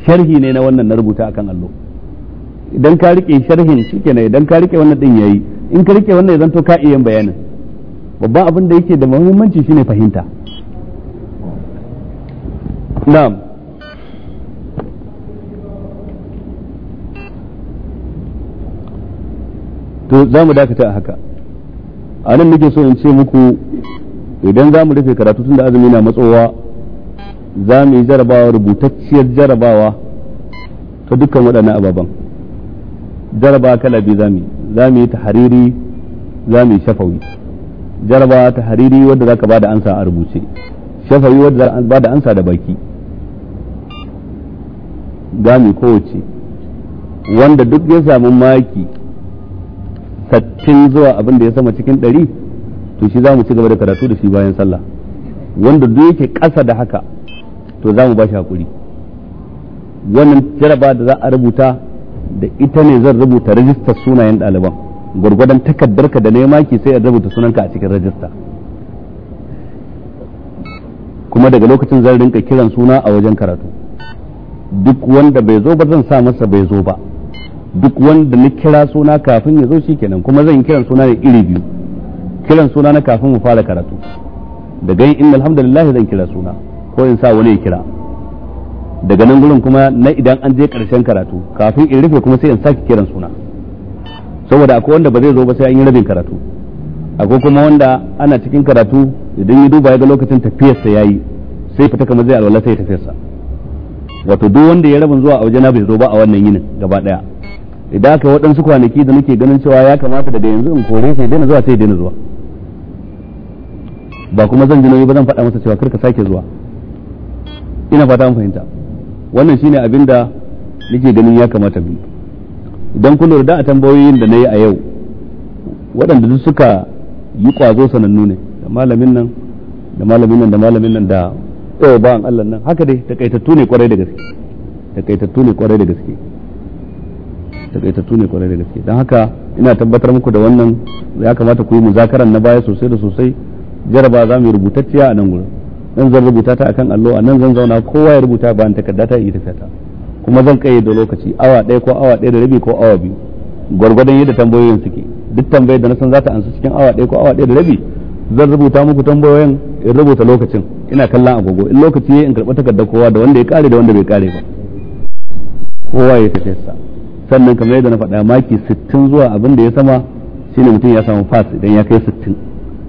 Speaker 1: sharhi ne na wannan na rubuta akan allo idan ka rike sharhin shi ke idan ka rike wannan din yayi in ka rike wannan zan to ka iya bayanin babban abin da yake da muhimmanci shine fahimta na'am to za mu dakata a haka a nan nake so in ce muku idan za mu rufe karatu tun da azumi na matsowa za mu yi jarabawa rubutacciyar jarabawa ta dukkan waɗannan ababen jarabawa kala biyu za mu yi za mu yi ta hariri za mu yi shafawi jarabawa ta hariri wadda za ka ba da ansa a rubuce shafawi wadda za ka ba da ansa da baki za mu yi kowace wanda duk ya samu maki sattin zuwa abin da ya sama cikin ɗari to shi za mu ci gaba da karatu da shi bayan sallah wanda duk yake ƙasa da haka to za mu ba shi haƙuri wannan jaraba da za a rubuta da ita ne zan rubuta rajistar sunayen ɗaliban gwargwadon takardarka da nema ki sai a rubuta sunanka a cikin rajista kuma daga lokacin zan rinka kiran suna a wajen karatu duk wanda bai zo ba zan sa masa bai zo ba duk wanda na kira suna kafin ya zo shi kenan kuma zan kiran suna ne iri biyu kiran suna na kafin mu fara karatu daga yin inna alhamdulillah zan kira suna ko in sa wani ya kira daga nan gurin kuma na idan an je karshen karatu kafin in rufe kuma sai in sake kiran suna saboda akwai wanda ba zai zo ba sai an yi rabin karatu akwai kuma wanda ana cikin karatu idan ya duba ya ga lokacin tafiyarsa yayi sai fita kamar zai alwala sai tafiyarsa wato duk wanda ya rabin zuwa a wajena bai zo ba a wannan yinin gaba daya idan aka waɗansu kwanaki da nake ganin cewa ya kamata daga yanzu in kore sai daina zuwa sai daina zuwa ba kuma zan ji nauyi ba zan faɗa masa cewa karka sake zuwa ina fata an fahimta wannan shine abin da nake ganin ya kamata bi idan kun lura da a tambayoyin da na yi a yau waɗanda duk suka yi ƙwazo sanannu ne da malamin nan da malamin nan da malamin nan da ba eh, ba'an Allah nan haka dai takaitattu ne kwarai da gaske takaitattu ne kwarai da gaske takaitattu ne kwarai da gaske don haka ina tabbatar muku da wannan ya kamata ku yi muzakaran na baya sosai da sosai jaraba za mu yi rubutacciya a nan gurin nan zan rubuta ta akan allo a nan zan zauna kowa ya rubuta ba ni takarda ta yi tafiya ta kuma zan kai da lokaci awa ɗaya ko awa ɗaya da rabi ko awa biyu gwargwadon yadda tambayoyin suke duk tambayar da na san za ta ansa cikin awa ɗaya ko awa ɗaya da rabi zan rubuta muku tambayoyin in rubuta lokacin ina kallon agogo in lokaci in karɓi takardar kowa da wanda ya kare da wanda bai kare ba kowa ya tafiya sa sannan kamar yadda na faɗa maki 60 zuwa abin da ya sama shine mutum ya samu fas idan ya kai 60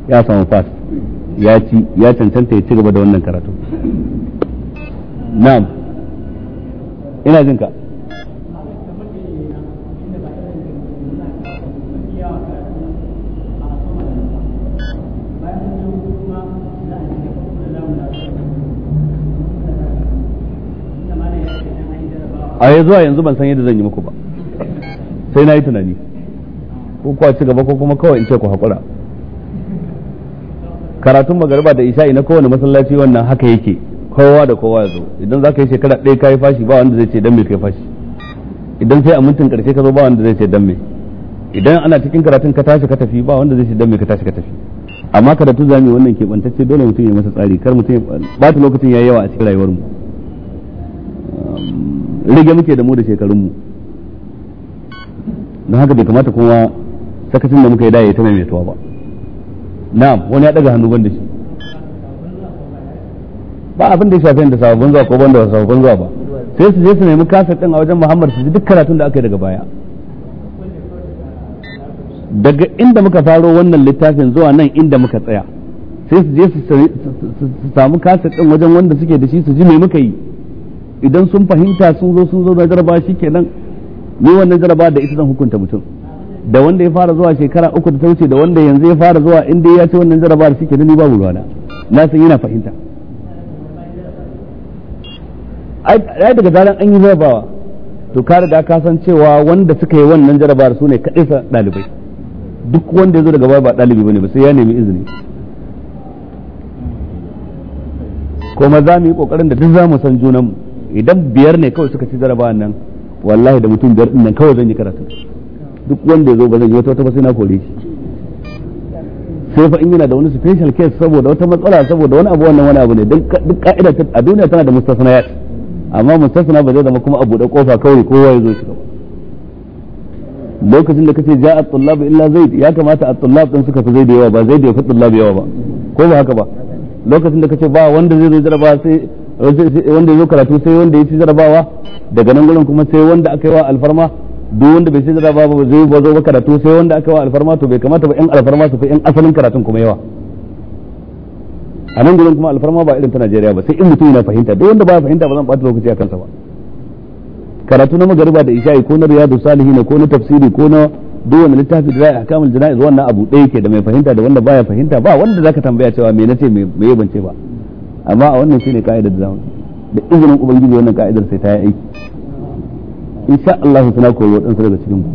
Speaker 1: ya samu fas ya ci ya cancanta ya ci gaba da wannan karatu na'am ina jin ka a yanzu zuwa yanzu ban san yadda zan yi muku ba sai na yi tunani ko kuwa ci gaba ko kuma kawai in ce ku haƙura karatun magariba da isha'i na kowane masallaci wannan haka yake kowa da kowa ya zo idan za ka yi shekara ɗaya ka yi fashi ba wanda zai ce dan me yi fashi idan sai a mintin ƙarshe ka zo ba wanda zai ce dan me idan ana cikin karatun ka tashi ka tafi ba wanda zai ce dan me ka tashi ka tafi amma karatu zami wannan keɓantacce dole mutum ya masa tsari kar mutum ba ta lokacin ya yawa a cikin rayuwar mu rage muke da mu da shekarun mu don haka bai kamata kuma sakacin da muka yi daya ta mai tuwa ba na'am wani ya daga hannu ban da shi ba abin da ya shafi da sababbin zuwa ko ban da sababbin zuwa ba sai su je su nemi kasar din a wajen Muhammad su ji duk karatun da aka yi daga baya daga inda muka faro wannan littafin zuwa nan inda muka tsaya sai su je su samu kasar din wajen wanda suke da shi su ji me muka yi idan sun fahimta sun zo sun zo na jarba shi kenan ni wannan jaraba da ita zan hukunta mutum da wanda ya fara zuwa shekara uku da ta wuce da wanda yanzu ya fara zuwa inda ya ce wannan jaraba da suke nuni babu ruwana na san yana fahimta ai daga zaran an yi jarabawa to ka riga ka san cewa wanda suka yi wannan jarabar su ne kaɗai sa ɗalibai duk wanda ya zo daga baya ba ɗalibi bane ba sai ya nemi izini kuma za mu yi ƙoƙarin da duk za mu san junanmu idan biyar ne kawai suka ci jarabawan nan wallahi da mutum biyar nan kawai zan yi karatu duk wanda ya zo ba zan yi wata wata ba sai na kore shi sai fa in yana da wani special case saboda wata matsala saboda wani abu wannan wani abu ne duk ka'ida a duniya tana da mustasnayat amma mustasna ba zai zama kuma abu da kofa kawai kowa ya zo shi lokacin da kace ja at-tullab illa zaid ya kamata at-tullab din suka fi zaid yawa ba zaid ya fi tullab yawa ba ko ba haka ba lokacin da kace ba wanda zai zo jaraba sai wanda ya zo karatu sai wanda ya ci jarabawa daga nan gurin kuma sai wanda aka yi wa alfarma duk wanda bai ci jarabawa ba zai ba zo ba karatu sai wanda aka yi wa alfarma to bai kamata ba yan alfarma su fi yan asalin karatun kuma yawa a nan gurin kuma alfarma ba irin ta Najeriya ba sai in mutum yana fahimta duk wanda ba fahimta ba zan bata lokaci a kansa ba karatu na magariba da isha'i ko na riyadu salihin ko na tafsiri ko na duk wani littafi da za'i a jana'iz wannan abu ɗaya ke da mai fahimta da wanda baya fahimta ba wanda zaka tambaya cewa me nace me ban ce ba amma a wannan shine ka'idar da zamu da izinin ubangiji wannan ka'idar sai ta yi aiki insha Allah suna koyo waɗansu daga cikin mu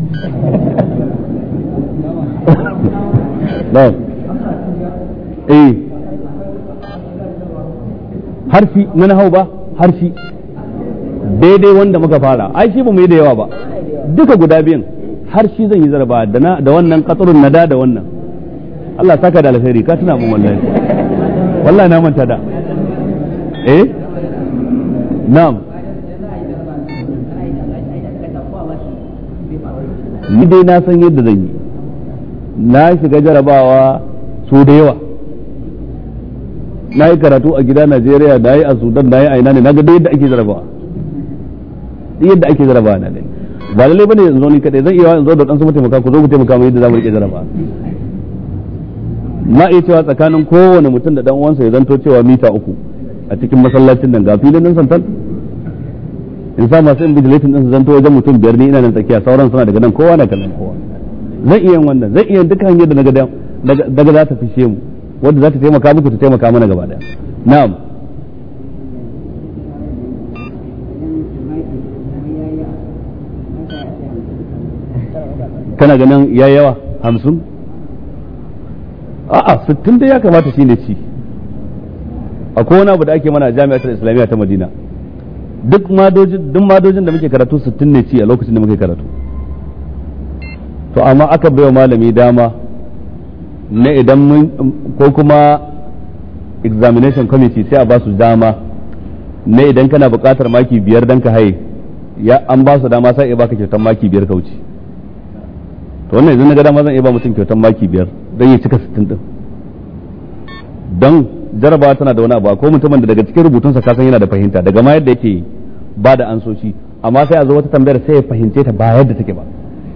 Speaker 1: eh harfi na hau ba harfi daidai wanda muka fara ai shi ba mu yi da yawa ba duka guda biyan harshi zan yi zarba da wannan katsurun na da da wannan Allah saka da alheri ka tuna mun wallahi wallahi na manta da eh nam ni dai na san yadda zan yi na shiga jarabawa su da yawa na yi karatu a gida najeriya da yi a sudan da yi a ina ne na ga dai yadda ake jarabawa yadda ake jarabawa na ne ba lalle bane yanzu ni kadai zan iya yanzu da dan su taimaka ku zo ku taimaka mu yadda za mu rike jarabawa na iya cewa tsakanin kowane mutum da dan uwansa ya zanto cewa mita uku a cikin masallacin nan ga filin nan santan in sa masu yin bijilatin din su zanto wajen mutum biyar ne ina nan tsakiya sauran suna daga nan kowa na kallon kowa zan iya wannan zan iya duka hanyar da na gada daga za ta fishe mu wadda za ta taimaka muku ta taimaka mana gaba daya na'am kana ganin ya yawa hamsin a'a sittin da ya kamata shi ne ci akwai wani abu da ake mana jami'atul islamiyya ta madina duk madojin duk madojin da muke karatu 60 ne ci a lokacin da muke karatu to amma aka bayo malami dama na idan mun ko kuma examination committee sai a ba su dama na idan kana buƙatar maki biyar dan ka haye ya an ba su dama sai iya baka kyautar maki biyar kauci to wannan yanzu na ga dama zan iya ba mutum kyautar maki biyar dan ya cika 60 din don jarabawa tana da wani abu ko mutumin da daga cikin rubutunsa kasan yana da fahimta daga ma yadda yake ba da ansoshi amma sai a zo wata tambayar sai ya fahimce ta ba yadda take ba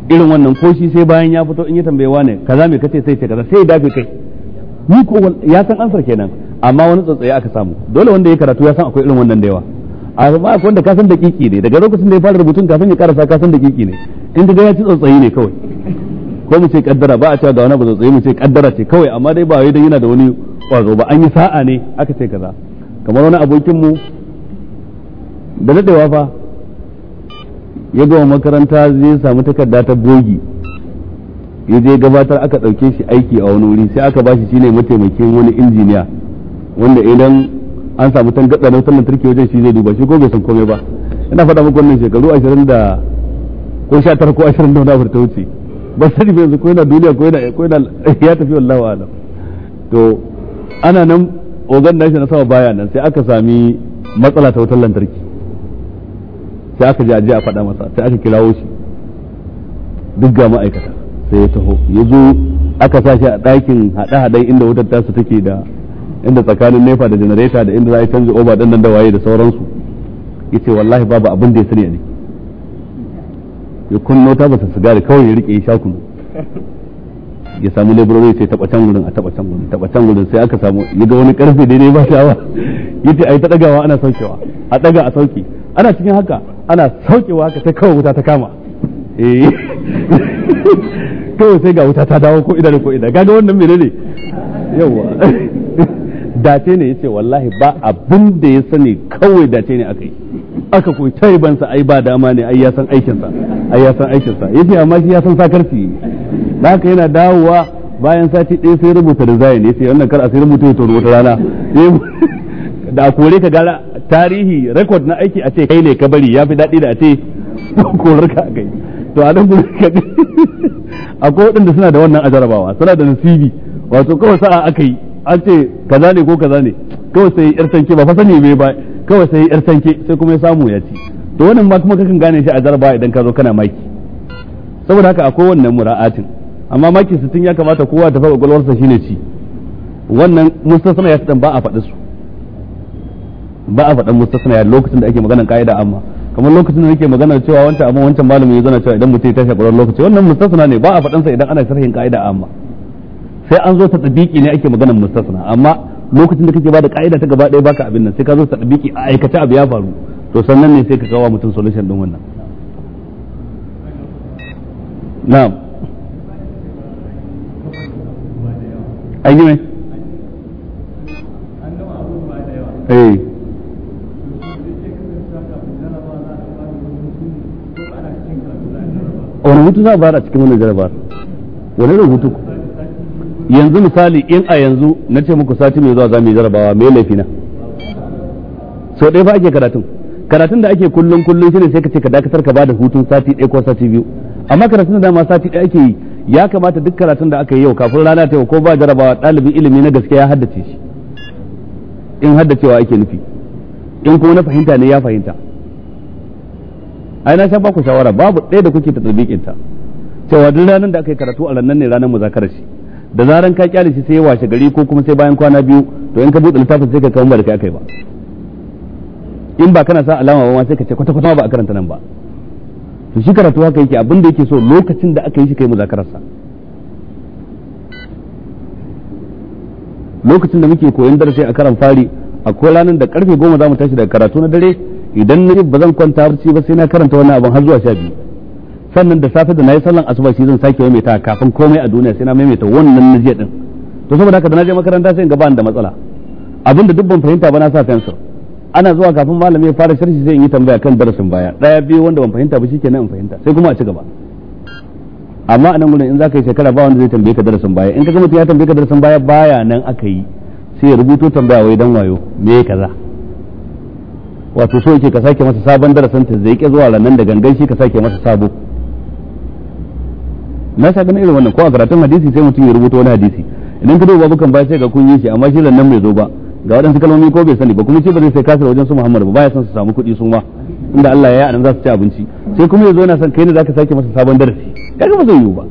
Speaker 1: irin wannan ko shi sai bayan ya fito in ya tambaye wane kaza me kace sai ce kaza sai ya dafe kai ni ko ya san ansar kenan amma wani tsotsaye aka samu dole wanda ya karatu ya san akwai irin wannan da yawa ba akwai wanda ka san dakiki ne daga lokacin da ya fara rubutun kafin ya karasa kasan san dakiki ne in ga ya ci tsotsaye ne kawai ko mu ce kaddara ba a cewa ga wani ba tsotsaye mu ce kaddara ce kawai amma dai ba wai dan yana da wani kwazo ba an yi sa'a ne aka ce kaza kamar wani abokinmu da daɗewa fa ya gama makaranta zai samu takarda ta bogi ya je gabatar aka ɗauke shi aiki a wani wuri sai aka bashi shine mataimakin wani injiniya wanda idan an samu tangaɗa na wutar lantarki wajen shi zai duba shi ko bai san komai ba ina faɗa muku wannan shekaru ashirin da ko sha tara ko ashirin da wani ta wuce ba sani yanzu ko yana duniya ko yana ya tafi wallahu alam to ana nan ogan nashi na sama baya nan sai aka sami matsala ta wutar lantarki sai aka ji a faɗa masa sai aka kirawo shi duk ga ma'aikata sai ya taho ya zo aka sa shi a ɗakin haɗe-haɗen inda wutar tasu take da inda tsakanin nefa da janareta da inda za a canza oba ɗin nan da waye da sauransu ya ce wallahi babu abin da ya sani a ne ya kunno ta ba su sigari kawai ya riƙe ya sha kunu ya samu laborori sai taba can gurin a taba can gurin taba can gurin sai aka samu ya ga wani karfe daidai ba shawa [LAUGHS] yace ai ta dagawa ana saukewa a daga a sauke ana cikin haka ana saukewa haka sai kawai wuta ta kama eh [LAUGHS] kawai sai ga wuta ta dawo ko ina ko ina gaga wannan menene yawa [LAUGHS] dace ne yace wallahi ba abin da ya sani kawai dace ne aka yi aka koyi taibansa ai ba dama ne ai ya san aikinsa ai ya san aikinsa yace amma shi ya san sakarci da haka yana dawowa bayan sati ɗaya sai rubuta da ya ce wannan kar a sai rubuta ya wata rana [LAUGHS] da a kore ka gara tarihi rekod na aiki a ce kai ne ka bari ya fi daɗi da a ce [LAUGHS] korar ka kai to a nan gudu ka [LAUGHS] akwai waɗanda suna da wannan ajarabawa suna da nasibi wato kawai sa'a aka yi an ce kaza ne ko kaza ne kawai sai yar sanke ba fa sani me ba kawai sai yar sanke sai kuma ya samu ya ci to wannan ma kuma kakan gane shi a jarabawa idan ka zo kana maki saboda haka akwai wannan mura'atin amma maki sittin ya kamata kowa ta faɗa gwalwarsa shine ci wannan mustasna ya dan ba a faɗi su ba a faɗan mustasna ya lokacin da ake maganar ka'ida amma kamar lokacin da nake maganar cewa wancan amma wancan malamin ya zana cewa idan mutum ya tashi a lokaci wannan mustasna ne ba a faɗansa idan ana sharhin ka'ida amma sai an zo ta tabiki ne ake maganar mustasna amma lokacin da kake ba da ka'ida ta gaba ɗaya baka abin nan sai ka zo ta tabiki a aikata abu ya faru to sannan ne sai ka kawo mutum solution din wannan na'am an yi mai eh. wani hutu za a bayar a cikin wani jarabar wani rubutu yanzu misali in a yanzu na ce muku sati mai zuwa za mu yi jarabawa mai laifi na sau ɗaya fa ake karatun karatun da ake kullum kullum shine sai ka ce ka dakatar ka bada hutun sati ɗaya ko sati biyu amma karatun da dama sati ɗaya ake yi ya kamata duk karatun da aka yi yau kafin rana ta yau ko ba jarabawa ɗalibin ilimi na gaske ya haddace shi in haddacewa ake nufi in kuma na fahimta ne ya fahimta ai na sha ba ku shawara babu ɗaya da kuke ta ta cewa duk ranar da aka yi karatu a ranar ne ranar muzakarar shi da zaran ka kyale shi sai ya washe gari ko kuma sai bayan kwana biyu to in ka buɗe littafin sai ka kawo ba da kai ba in ba kana sa alama ba ma sai ka ce kwata kwata ba a karanta nan ba to shi karatu haka yake abin da yake so lokacin da aka yi shi kai muzakarar sa lokacin da muke koyon darasi a karan fari akwai ranar da karfe goma za mu tashi daga karatu na dare idan na ba zan kwanta barci ba sai na karanta wannan abin har zuwa sha biyu sannan da safe da na yi sallan asuba shi zan sake maimaita kafin komai a duniya sai na maimaita wannan na jiya din to saboda haka da na je makaranta sai in gaba da matsala abin da duk fahimta ba na sa fensir ana zuwa kafin malami ya fara sharhi zai yi tambaya kan darasin baya daya biyu wanda ban fahimta ba shikenan in fahimta sai kuma a ci gaba amma anan gurin in zaka yi shekara ba wanda zai tambaye ka darasin baya in ka gama ya tambaye ka darasin baya baya nan aka yi sai ya rubuto tambaya wai dan wayo me kaza wato so yake ka sake masa sabon darasin ta zai ke zuwa ranan da gangan shi ka sake masa sabo na sha ganin irin wannan ko a karatun hadisi sai mutum ya rubuta wani hadisi idan ka duba kan baya sai ga kun yi shi amma shi nan bai zo ba ga waɗansu kalmomi ko bai sani ba kuma ce ba zai sai kasar wajen su Muhammad ba baya son su samu kuɗi su ma inda Allah ya yi anan za su ci abinci sai kuma zo yana son kai ne zaka sake masa sabon darasi kaga ba zai yiwu ba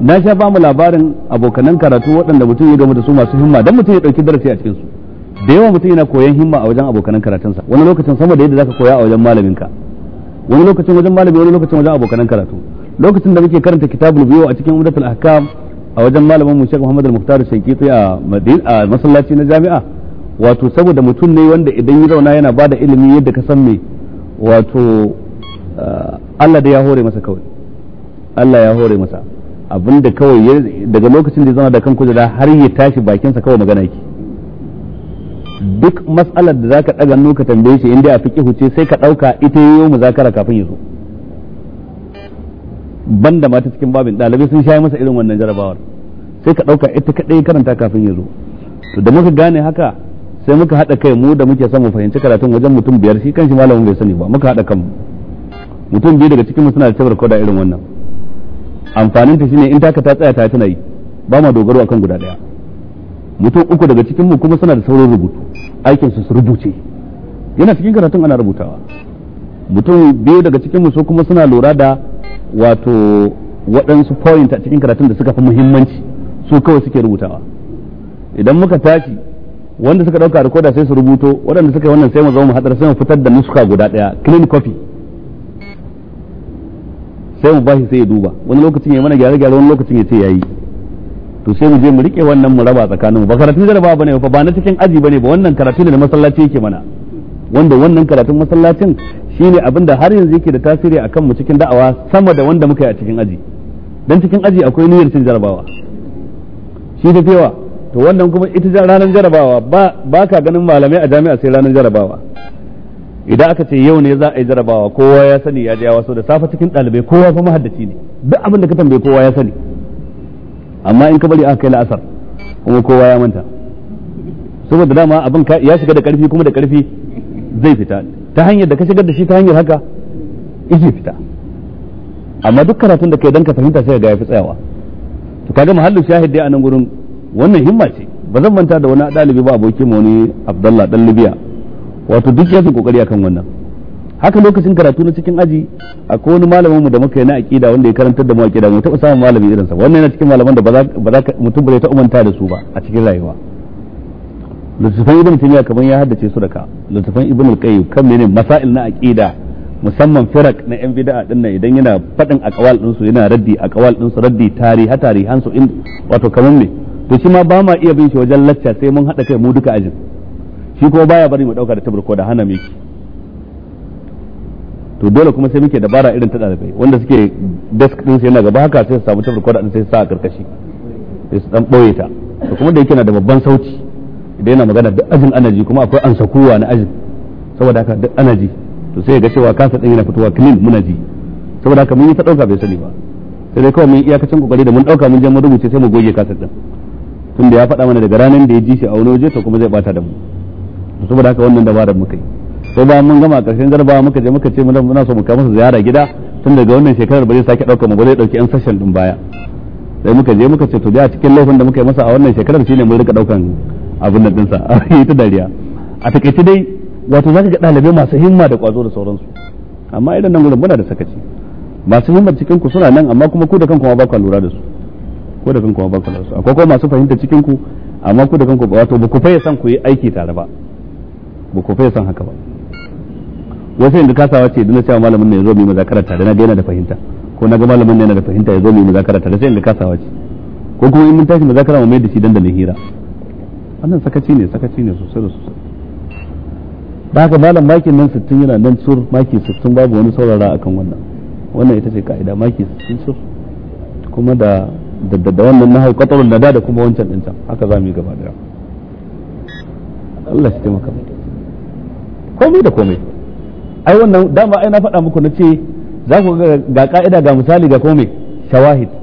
Speaker 1: na sha ba mu labarin abokanan karatu waɗanda mutum ya gama da su masu himma dan mutum ya ɗauki darasi a cikin su da yawa mutum yana koyan himma a wajen abokanan karatunsa wani lokacin sama da yadda zaka koya a wajen malaminka wani lokacin wajen malami wani lokacin wajen abokanan karatu lokacin da muke karanta kitabul biyu a cikin umdatul ahkam a wajen malamin mu Sheikh Muhammad Al-Muhtar Shaqiqi a Madin a masallaci na jami'a wato saboda mutum ne wanda idan ya zauna yana bada ilimi yadda ka san me wato eh, Allah da ya hore masa kawai Allah ya hore masa abinda kawai daga lokacin da ya zauna da kan kujera har ya tashi bakin sa kawai magana yake duk mas'alar da zaka daga nuka tambaye shi inda a fiqihu ce sai ka dauka ita yayo muzakara kafin ya zo banda mata cikin babin dalibai sun sha masa irin wannan jarabawar sai ka ɗauka ita kaɗai karanta kafin ya zo to da muka gane haka sai muka haɗa kai mu da muke son mu fahimci karatun wajen mutum biyar shi kanshi malamin bai sani ba muka haɗa kanmu mutum biyu daga cikin mu suna da tabar koda irin wannan amfanin ta shine in taka ta tsaya ta tana yi ba ma dogaro akan guda ɗaya mutum uku daga cikin mu kuma suna da sauran rubutu aikin su su rubuce yana cikin karatun ana rubutawa mutum biyu daga cikin mu su kuma suna lura da wato waɗansu point a cikin karatun da suka fi muhimmanci su kawai suke rubutawa idan muka tashi wanda suka ɗauka rikoda sai su rubuto waɗanda suka yi wannan sai mu zama mu hadar sai mu fitar da nuska guda ɗaya clean copy sai mu bashi sai ya duba wani lokacin ya mana gyare gyare wani lokacin ya ce yayi to sai mu je mu rike wannan mu raba tsakaninmu ba karatun jaraba bane ba ba na cikin aji bane ba wannan karatu ne na masallaci yake mana wanda wannan karatun masallacin shine abin da har yanzu yake da tasiri a kanmu cikin da'awa sama da wanda muka yi a cikin aji don cikin aji akwai niyyar cin jarabawa shi ta fewa to wannan kuma ita ranar jarabawa ba ka ganin malamai a jami'a sai ranar jarabawa idan aka ce yau ne za a yi jarabawa kowa ya sani ya jawa so da safa cikin ɗalibai kowa fa mahaddaci ne duk abin da ka tambaye kowa ya sani amma in ka bari aka kai la'asar kuma kowa ya manta saboda dama abin ya shiga da karfi kuma da karfi zai fita ta hanyar da ka shigar da shi ta hanyar haka yake fita amma duk karatun da kai dan ka fahimta sai ga ya fi tsayawa to kaga mahallin shahid dai a nan gurin wannan himma ce ba zan manta da wani dalibi ba aboki mu wani Abdullah dan Libya wato duk yake kokari akan wannan haka lokacin karatu na cikin aji akwai wani malamin mu da muka yi na aqida wanda ya karantar da mu aqida mu taɓa samun malami irin sa wannan yana cikin malaman da ba za mutum bai ta umanta da su ba a cikin rayuwa littafan ibn taymiya kaman ya haddace su da ka littafan ibn al-qayyim kan ne masail na aqida musamman firak na yan bid'a din nan idan yana fadin aqwal din su yana raddi aqwal din su raddi tari han su in wato kaman me to shi ma ba ma iya bin shi wajen lacca sai mun hada kai mu duka ajin shi kuma baya bari mu dauka da tabarko da hana miki to dole kuma sai muke dabara irin ta dalibai wanda suke desk din su yana gaba haka sai su samu tabarko da sai su sa a karkashi sai su dan boye ta to kuma da yake na da babban sauti idan yana magana duk ajin ana ji kuma akwai ansa kuwa na ajin saboda haka duk ana ji to sai ya ga cewa kansa din yana fitowa clean muna ji saboda haka mun yi ta dauka bai sani ba sai dai kawai mun iyakacin kokari da mun dauka mun je mun rubuce sai mu goge kansa din tunda ya faɗa mana daga ranar da ya ji shi a wani waje to kuma zai bata da mu saboda haka wannan dabarar muka yi sai bayan mun gama karshen jarba muka je muka ce muna so mu kai masa ziyara gida tun daga wannan shekarar ba zai sake dauka mu ba zai dauki yan sashen din baya sai muka je muka ce to da cikin laifin da muka yi masa a wannan shekarar shine mun rika daukan abin nan dinsa [LAUGHS] yi ta dariya a takaice dai wato zaka ga ɗalibai masu himma da kwazo da sauransu amma idan nan gurin muna da sakaci masu himmar cikin ku suna nan amma kuma ku da kanku ma ba ku lura da su Ko da kanku ma ba ku lura da su akwai kuma masu fahimta cikin ku amma ku da kanku ba wato ba ku faye san ku yi aiki tare ba ba ku faye san haka ba wasu yanzu kasawa ce dana cewa malamin ne ya zo mu yi muzakara tare na ga yana da fahimta ko na ga malamin ne yana da fahimta ya zo mu yi muzakara tare sai yanzu kasawa ce ko kuma in mun tashi muzakara mu mai da shi dandalin hira wannan sakaci ne sakaci ne sosai da sosai da haka malam makin nan sittin yana nan sur maki sittin babu wani saurara akan wannan wannan ita ce ka'ida maki sittin sur kuma da da wannan nahar kwatarun nada da kuma wancan din can haka za mu yi gaba daya Allah shi taimaka komai da komai ai wannan dama ai na faɗa muku na ce za ku ga ka'ida ga misali ga komai shawahid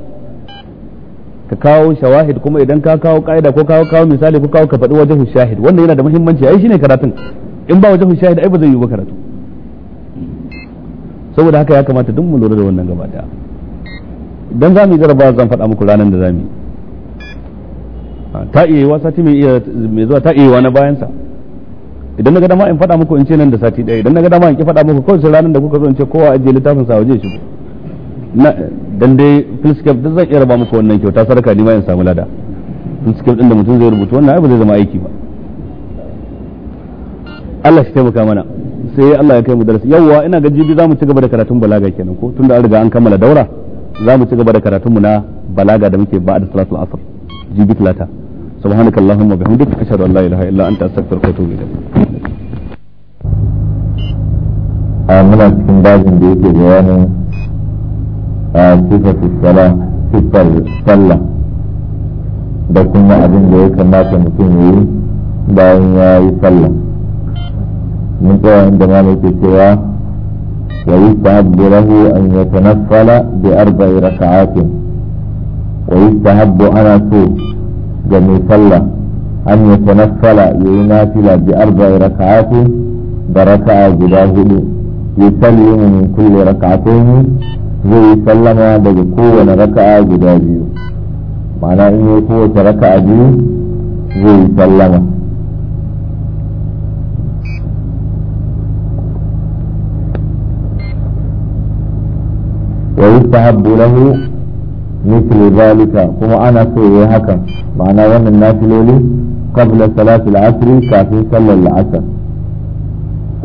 Speaker 1: ka kawo shawahid kuma idan ka kawo ka'ida ko kawo kawo misali ko kawo ka faɗi wajen shahid wannan yana da muhimmanci ai shine karatun in ba wajen shahid ai ba zai yi ba karatu saboda haka ya kamata duk mu lura da wannan gaba daya dan zamu yi jarabawa zan faɗa muku ranar da zamu yi ah, ta iya yi sati mai iya mai zuwa ta iya wa na bayan sa idan na ga dama in faɗa muku in ce nan da sati ɗaya idan na ga dama in ki faɗa muku kawai sai ranar da kuka zo in ce kowa ajiye littafin sa waje shi dan dai filskap duk zan iya raba muku wannan kyauta sadaka ni ma in samu lada filskap din da mutum zai rubuta wannan ai ba zai zama aiki ba Allah shi taimaka mana sai Allah ya kai mu darasi yawwa ina ga jibi zamu ci gaba da karatun balaga kenan ko tunda an riga an kammala daura zamu ci gaba da karatun mu na balaga da muke ba'da salatul asr jibi talata سبحانك اللهم وبحمدك أشهد أن لا إله إلا أنت أستغفرك وأتوب إليك muna cikin dajin da yake bayanin sifatu sala sifar sallah da kuma abin da ya kamata mutum ya yi bayan ya yi sallah mun tsaya inda ma ke cewa wa yustahab lahu an ya yatanaffala bi arba'i raka'atin wa yustahab ana so ga mai sallah an ya ya yi nafila bi arba'i raka'atin da raka'a guda hudu yusallimu min kulli raka'atayn zai yi sallama daga kowane raka'a guda biyu ma'ana in yi kowace raka'a biyu zai yi sallama wa yustahabbu lahu مثل ذلك كما أنا سوي هكا معنى وأن النافلولي قبل صلاة العصر كافي صلى العصر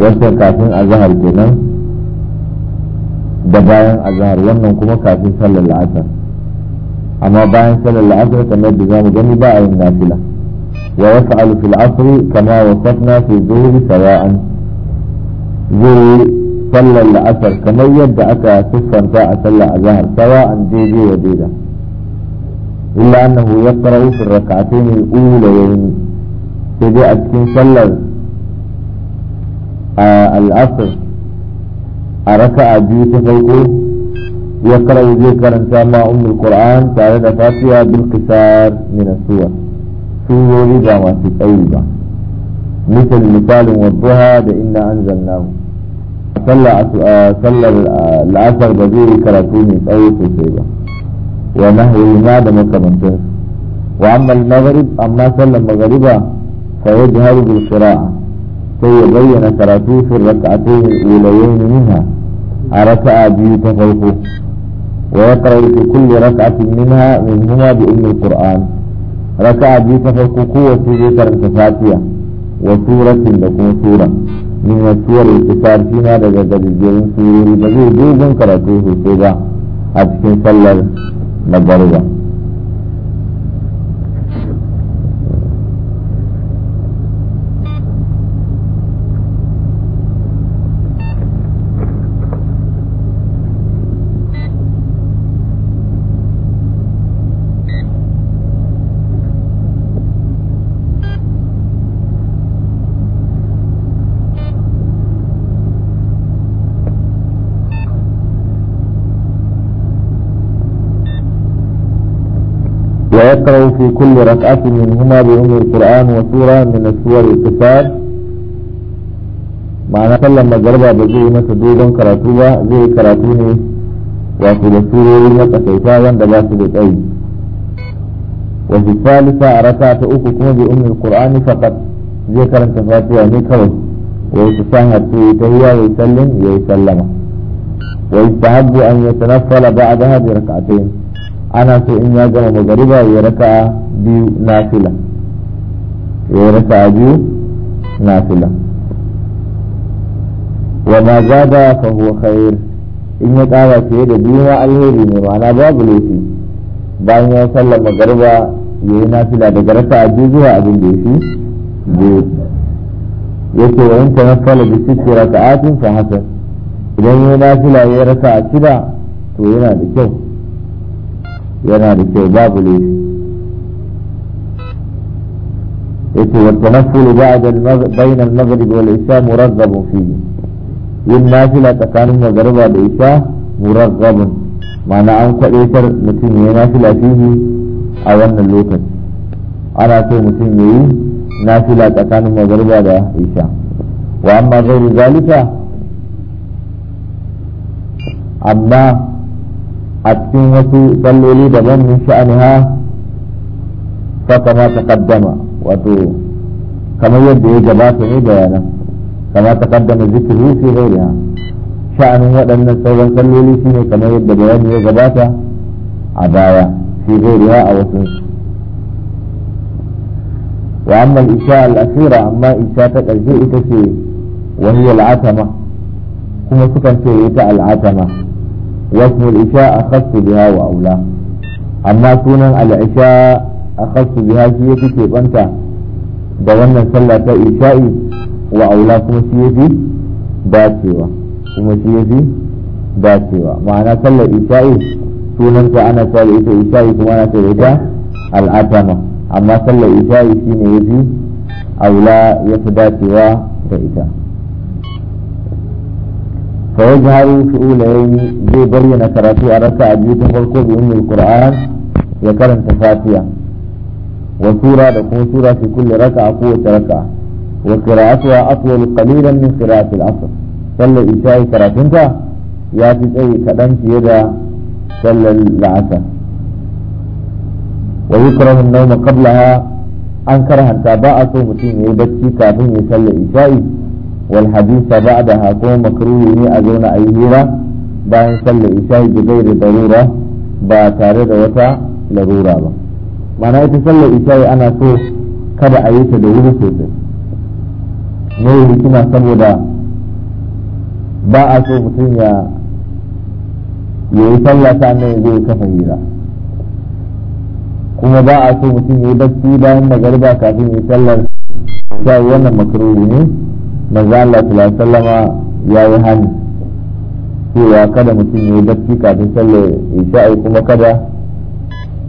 Speaker 1: وشر كافي أزهر كنا da bayan azhar wannan kuma kafin sallar la'asar amma bayan sallar la'asar kamar da zamu gani ba a yin nafila wa yas'alu fil asr kama wasafna fi dhuhri sawa'an zuri sallar la'asar kamar yadda aka siffanta a sallar azhar sawa'an jeje wa jeje illa annahu yaqra'u fi rak'atayn al-ulayayn sai dai a cikin sallar al-asr a raka'a biyu ta farko ya zai karanta ma umar qur'an tare da fatiha bil qisar min as-suwar surori ba masu tsayi ba misal misalin wadduha da inna anzalnahu sallar la'asar ba zai karatu mai tsayo sosai ba wa nahwi ma da makamantansu wa amma al-maghrib amma sallar maghriba fa yajharu bil qira'ah سيبين كراته في الركعتين الأوليين منها ركعة بيتفوقه ويقرأ في كل ركعة منها منهما بأم القرآن ركعة بيتفوقه وسورة الفاتحة وسورة لكم سورة من السور الكفار فيما لدى الجيرين سورة بذي دوبا كراتوه سورة أتكن صلى نبرده يقرأ في كل ركعة منهما بأم القرآن وسورة من السور الكفار معنى صلى ما جربا بجيء ما سدودا كراتوبا زي كراتوني وفي السور ورينة كيفاوا دلاسة بتأي وفي الثالثة ركعة أخكم بأم القرآن فقط ذكر انتفاتي ونكره ويتفاها تهيا ويسلم ويسلم ويستحب أن يتنفل بعدها بركعتين ana so in ya gama magariba ya raka biyu fila ya raka biyu fila wa ma zada fa huwa khair in ya kara fiye da biyu ma alheri ne ma'ana babu laifi bayan ya sallar magariba ya yi na fila daga raka biyu zuwa abin da ya fi biyu ce wa in fala da cikin raka'atun fa hasan idan ya yi na fila ya raka shida to yana da kyau yana da kyau babu laifi yake والتنفل بعد المغرب بين المغرب والعشاء مرغب فيه yin nafila tsakanin magariba da isha muraggabun ma'ana an kwaɗaitar mutum ya yi nafila fihi a wannan lokaci ana so mutum ya yi nafila tsakanin magariba da isha wa amma zai zalika amma أتين وسو ظلوا لي دبن من شأنها فكما تقدم وتو كما يبدو إجابات إيه عبانا إيه كما تقدم ذكره إيه في غيرها شأن ودن سوى ظلوا لي سنة كما يبدو بيان إجابات عبايا في غيرها أو في وأما الإشاء الأخيرة أما إشاء تقلزئك وهي العتمة كما سكن سيئة العتمة واسم العشاء أخص بها وأولى أما سنة العشاء أخص بها شيء كيف أنت دولنا صلاة إشائي وأولى كما شيء في داتيوة كما شيء في داتيوة معنى صلاة إشائي sunanta ana sa da ita isha'i kuma ana sa da ita al'atama amma sallar isha'i shine yafi aula yafi dacewa da ita فيجهر في أولين زي بيّن كراتي أرسى أجيب فالكو بأم القرآن يكرم تفاتيا وسورة لكم سورة في كل ركعة قوة ركعة وقراءتها أطول قليلا من قراءة العصر صلى إشاء كراتنتا ياتي أي كلام يدا صلى العصر ويكره النوم قبلها أنكرها تابعته متين يبكي كافين يصلي إشائي والحديث بعدها كو مكروه أزون أي هيرة باين صلى إشاء بغير ضرورة باتارد وتا لرورة با. معنى يتصلى إشاء أنا سو كبا أيتا دولي سوسي نوي كما سبودا ba a so mutum ya yi sallah sannan zai kafa kuma ba a so mutum ya yi bacci bayan magariba kafin ya yi sallar shayi wannan makaroni ne manzo Allah sallallahu alaihi wasallama yayi hani cewa kada mutum ya yi bacci kafin sallar isha'i kuma kada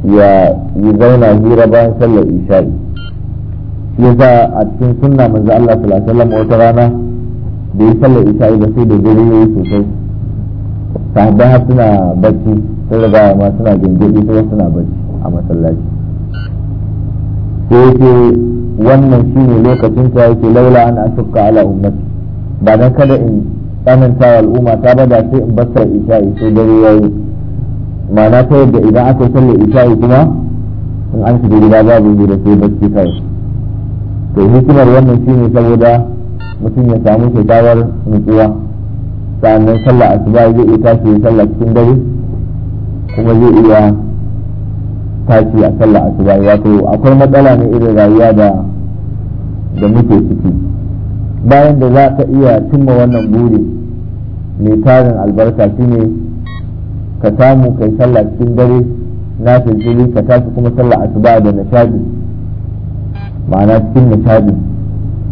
Speaker 1: ya yi zauna hira bayan sallar isha'i shi yasa a cikin sunna manzo Allah sallallahu alaihi wasallam wata rana da ya sallar isha'i ba sai da dare yayi sosai sahabbai har suna bacci sun riga ma suna gingiri kuma suna bacci a masallaci sai yake wannan shine lokacin ta yake laula an ashqa ala ummati ba dan kada in tsananta wa al'umma ta ba da sai in basar isha'i sai dare yayi ma'ana ta yadda idan aka sallar isha'i kuma in an shiga gida babu yi da sai bacci kai to hikimar wannan shine saboda mutum ya samu shekarar nutsuwa sa'annan sallah asuba zai iya tashi sallar cikin dare kuma zai iya tashi a sallah asuba wato akwai matsala ne irin rayuwa da da muke ciki bayan da za ka iya cimma wannan buri mai tarin albarka shine ka samu kai sallah cikin dare na tsiri ka tashi kuma sallah asuba da nishadi ma'ana cikin nishadi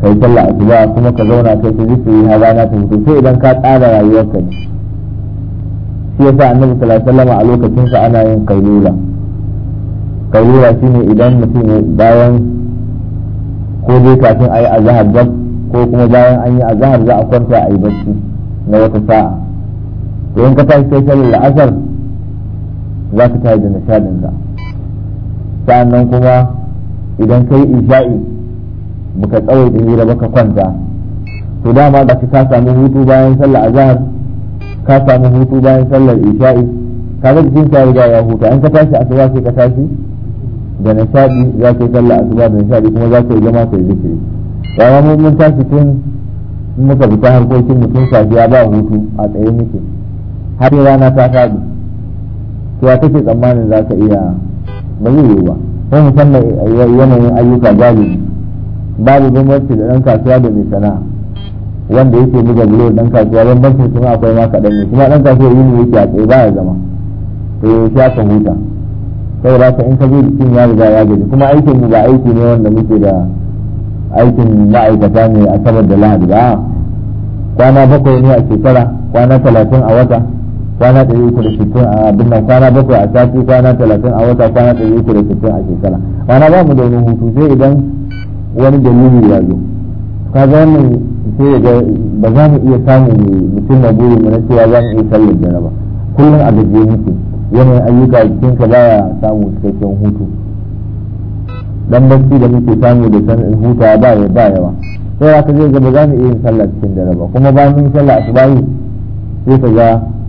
Speaker 1: kai sallah asuba kuma ka zauna kai su zikiri har rana ta idan ka tsara rayuwarka ne shi yasa annabi sallallahu alaihi wasallam a lokacin sa ana yin kai kailula ƙaurura shi ne idan mutum bayan ko dai kafin a yi azahar gab ko kuma bayan an yi azahar za a kwanta a yi bacci na wata sa'a to in ka tashi kai sallar la'asar za ka tashi da nishadin ka sa'annan kuma idan kai isha'i baka da hira baka kwanta to dama da ka samu hutu bayan sallar azahar ka samu hutu bayan sallar isha'i kaga jikin ka riga ya huta in ka tashi asuba sai ka tashi da nishadi za ka yi sallah asuba da nishadi kuma za ka yi zama ka yi zikiri rana mu mun tashi tun muka fita harkokin mutum tun safiya ba hutu a tsaye muke har rana ta faɗi to ya take tsammanin za ka iya ba zai yiwu ba ko musamman yanayin ayyuka galibi babu bambanci da ɗan kasuwa da mai sana'a wanda yake da bulo ɗan kasuwa bambancin kuma akwai ma kaɗan ne kuma ɗan kasuwa yini yake a tsaye ba ya zama to ya shafa huta saboda ka in ka zo jikin ya riga ya gaji kuma aikin mu ba aiki ne wanda muke da aikin ma'aikata ne a sabar da lahadi ba kwana bakwai ne a shekara kwana talatin a wata kwana ɗari uku da sittin a abin nan kwana bakwai a sati kwana talatin a wata kwana ɗari uku da sittin a shekara kwana ba mu da wani hutu sai idan wani dalili ya zo ka ga wannan sai ga ba za mu iya samun mutum na buri mu na cewa za mu iya sallar jaraba kullum a gajiye muke yanayin ayyuka cikin ka baya samu cikakken hutu dan bacci da muke samu da san huta ba ya ba yawa sai ka zai ga ba za mu iya yin sallah cikin dare ba kuma bayan yin sallah asubahi sai ka ga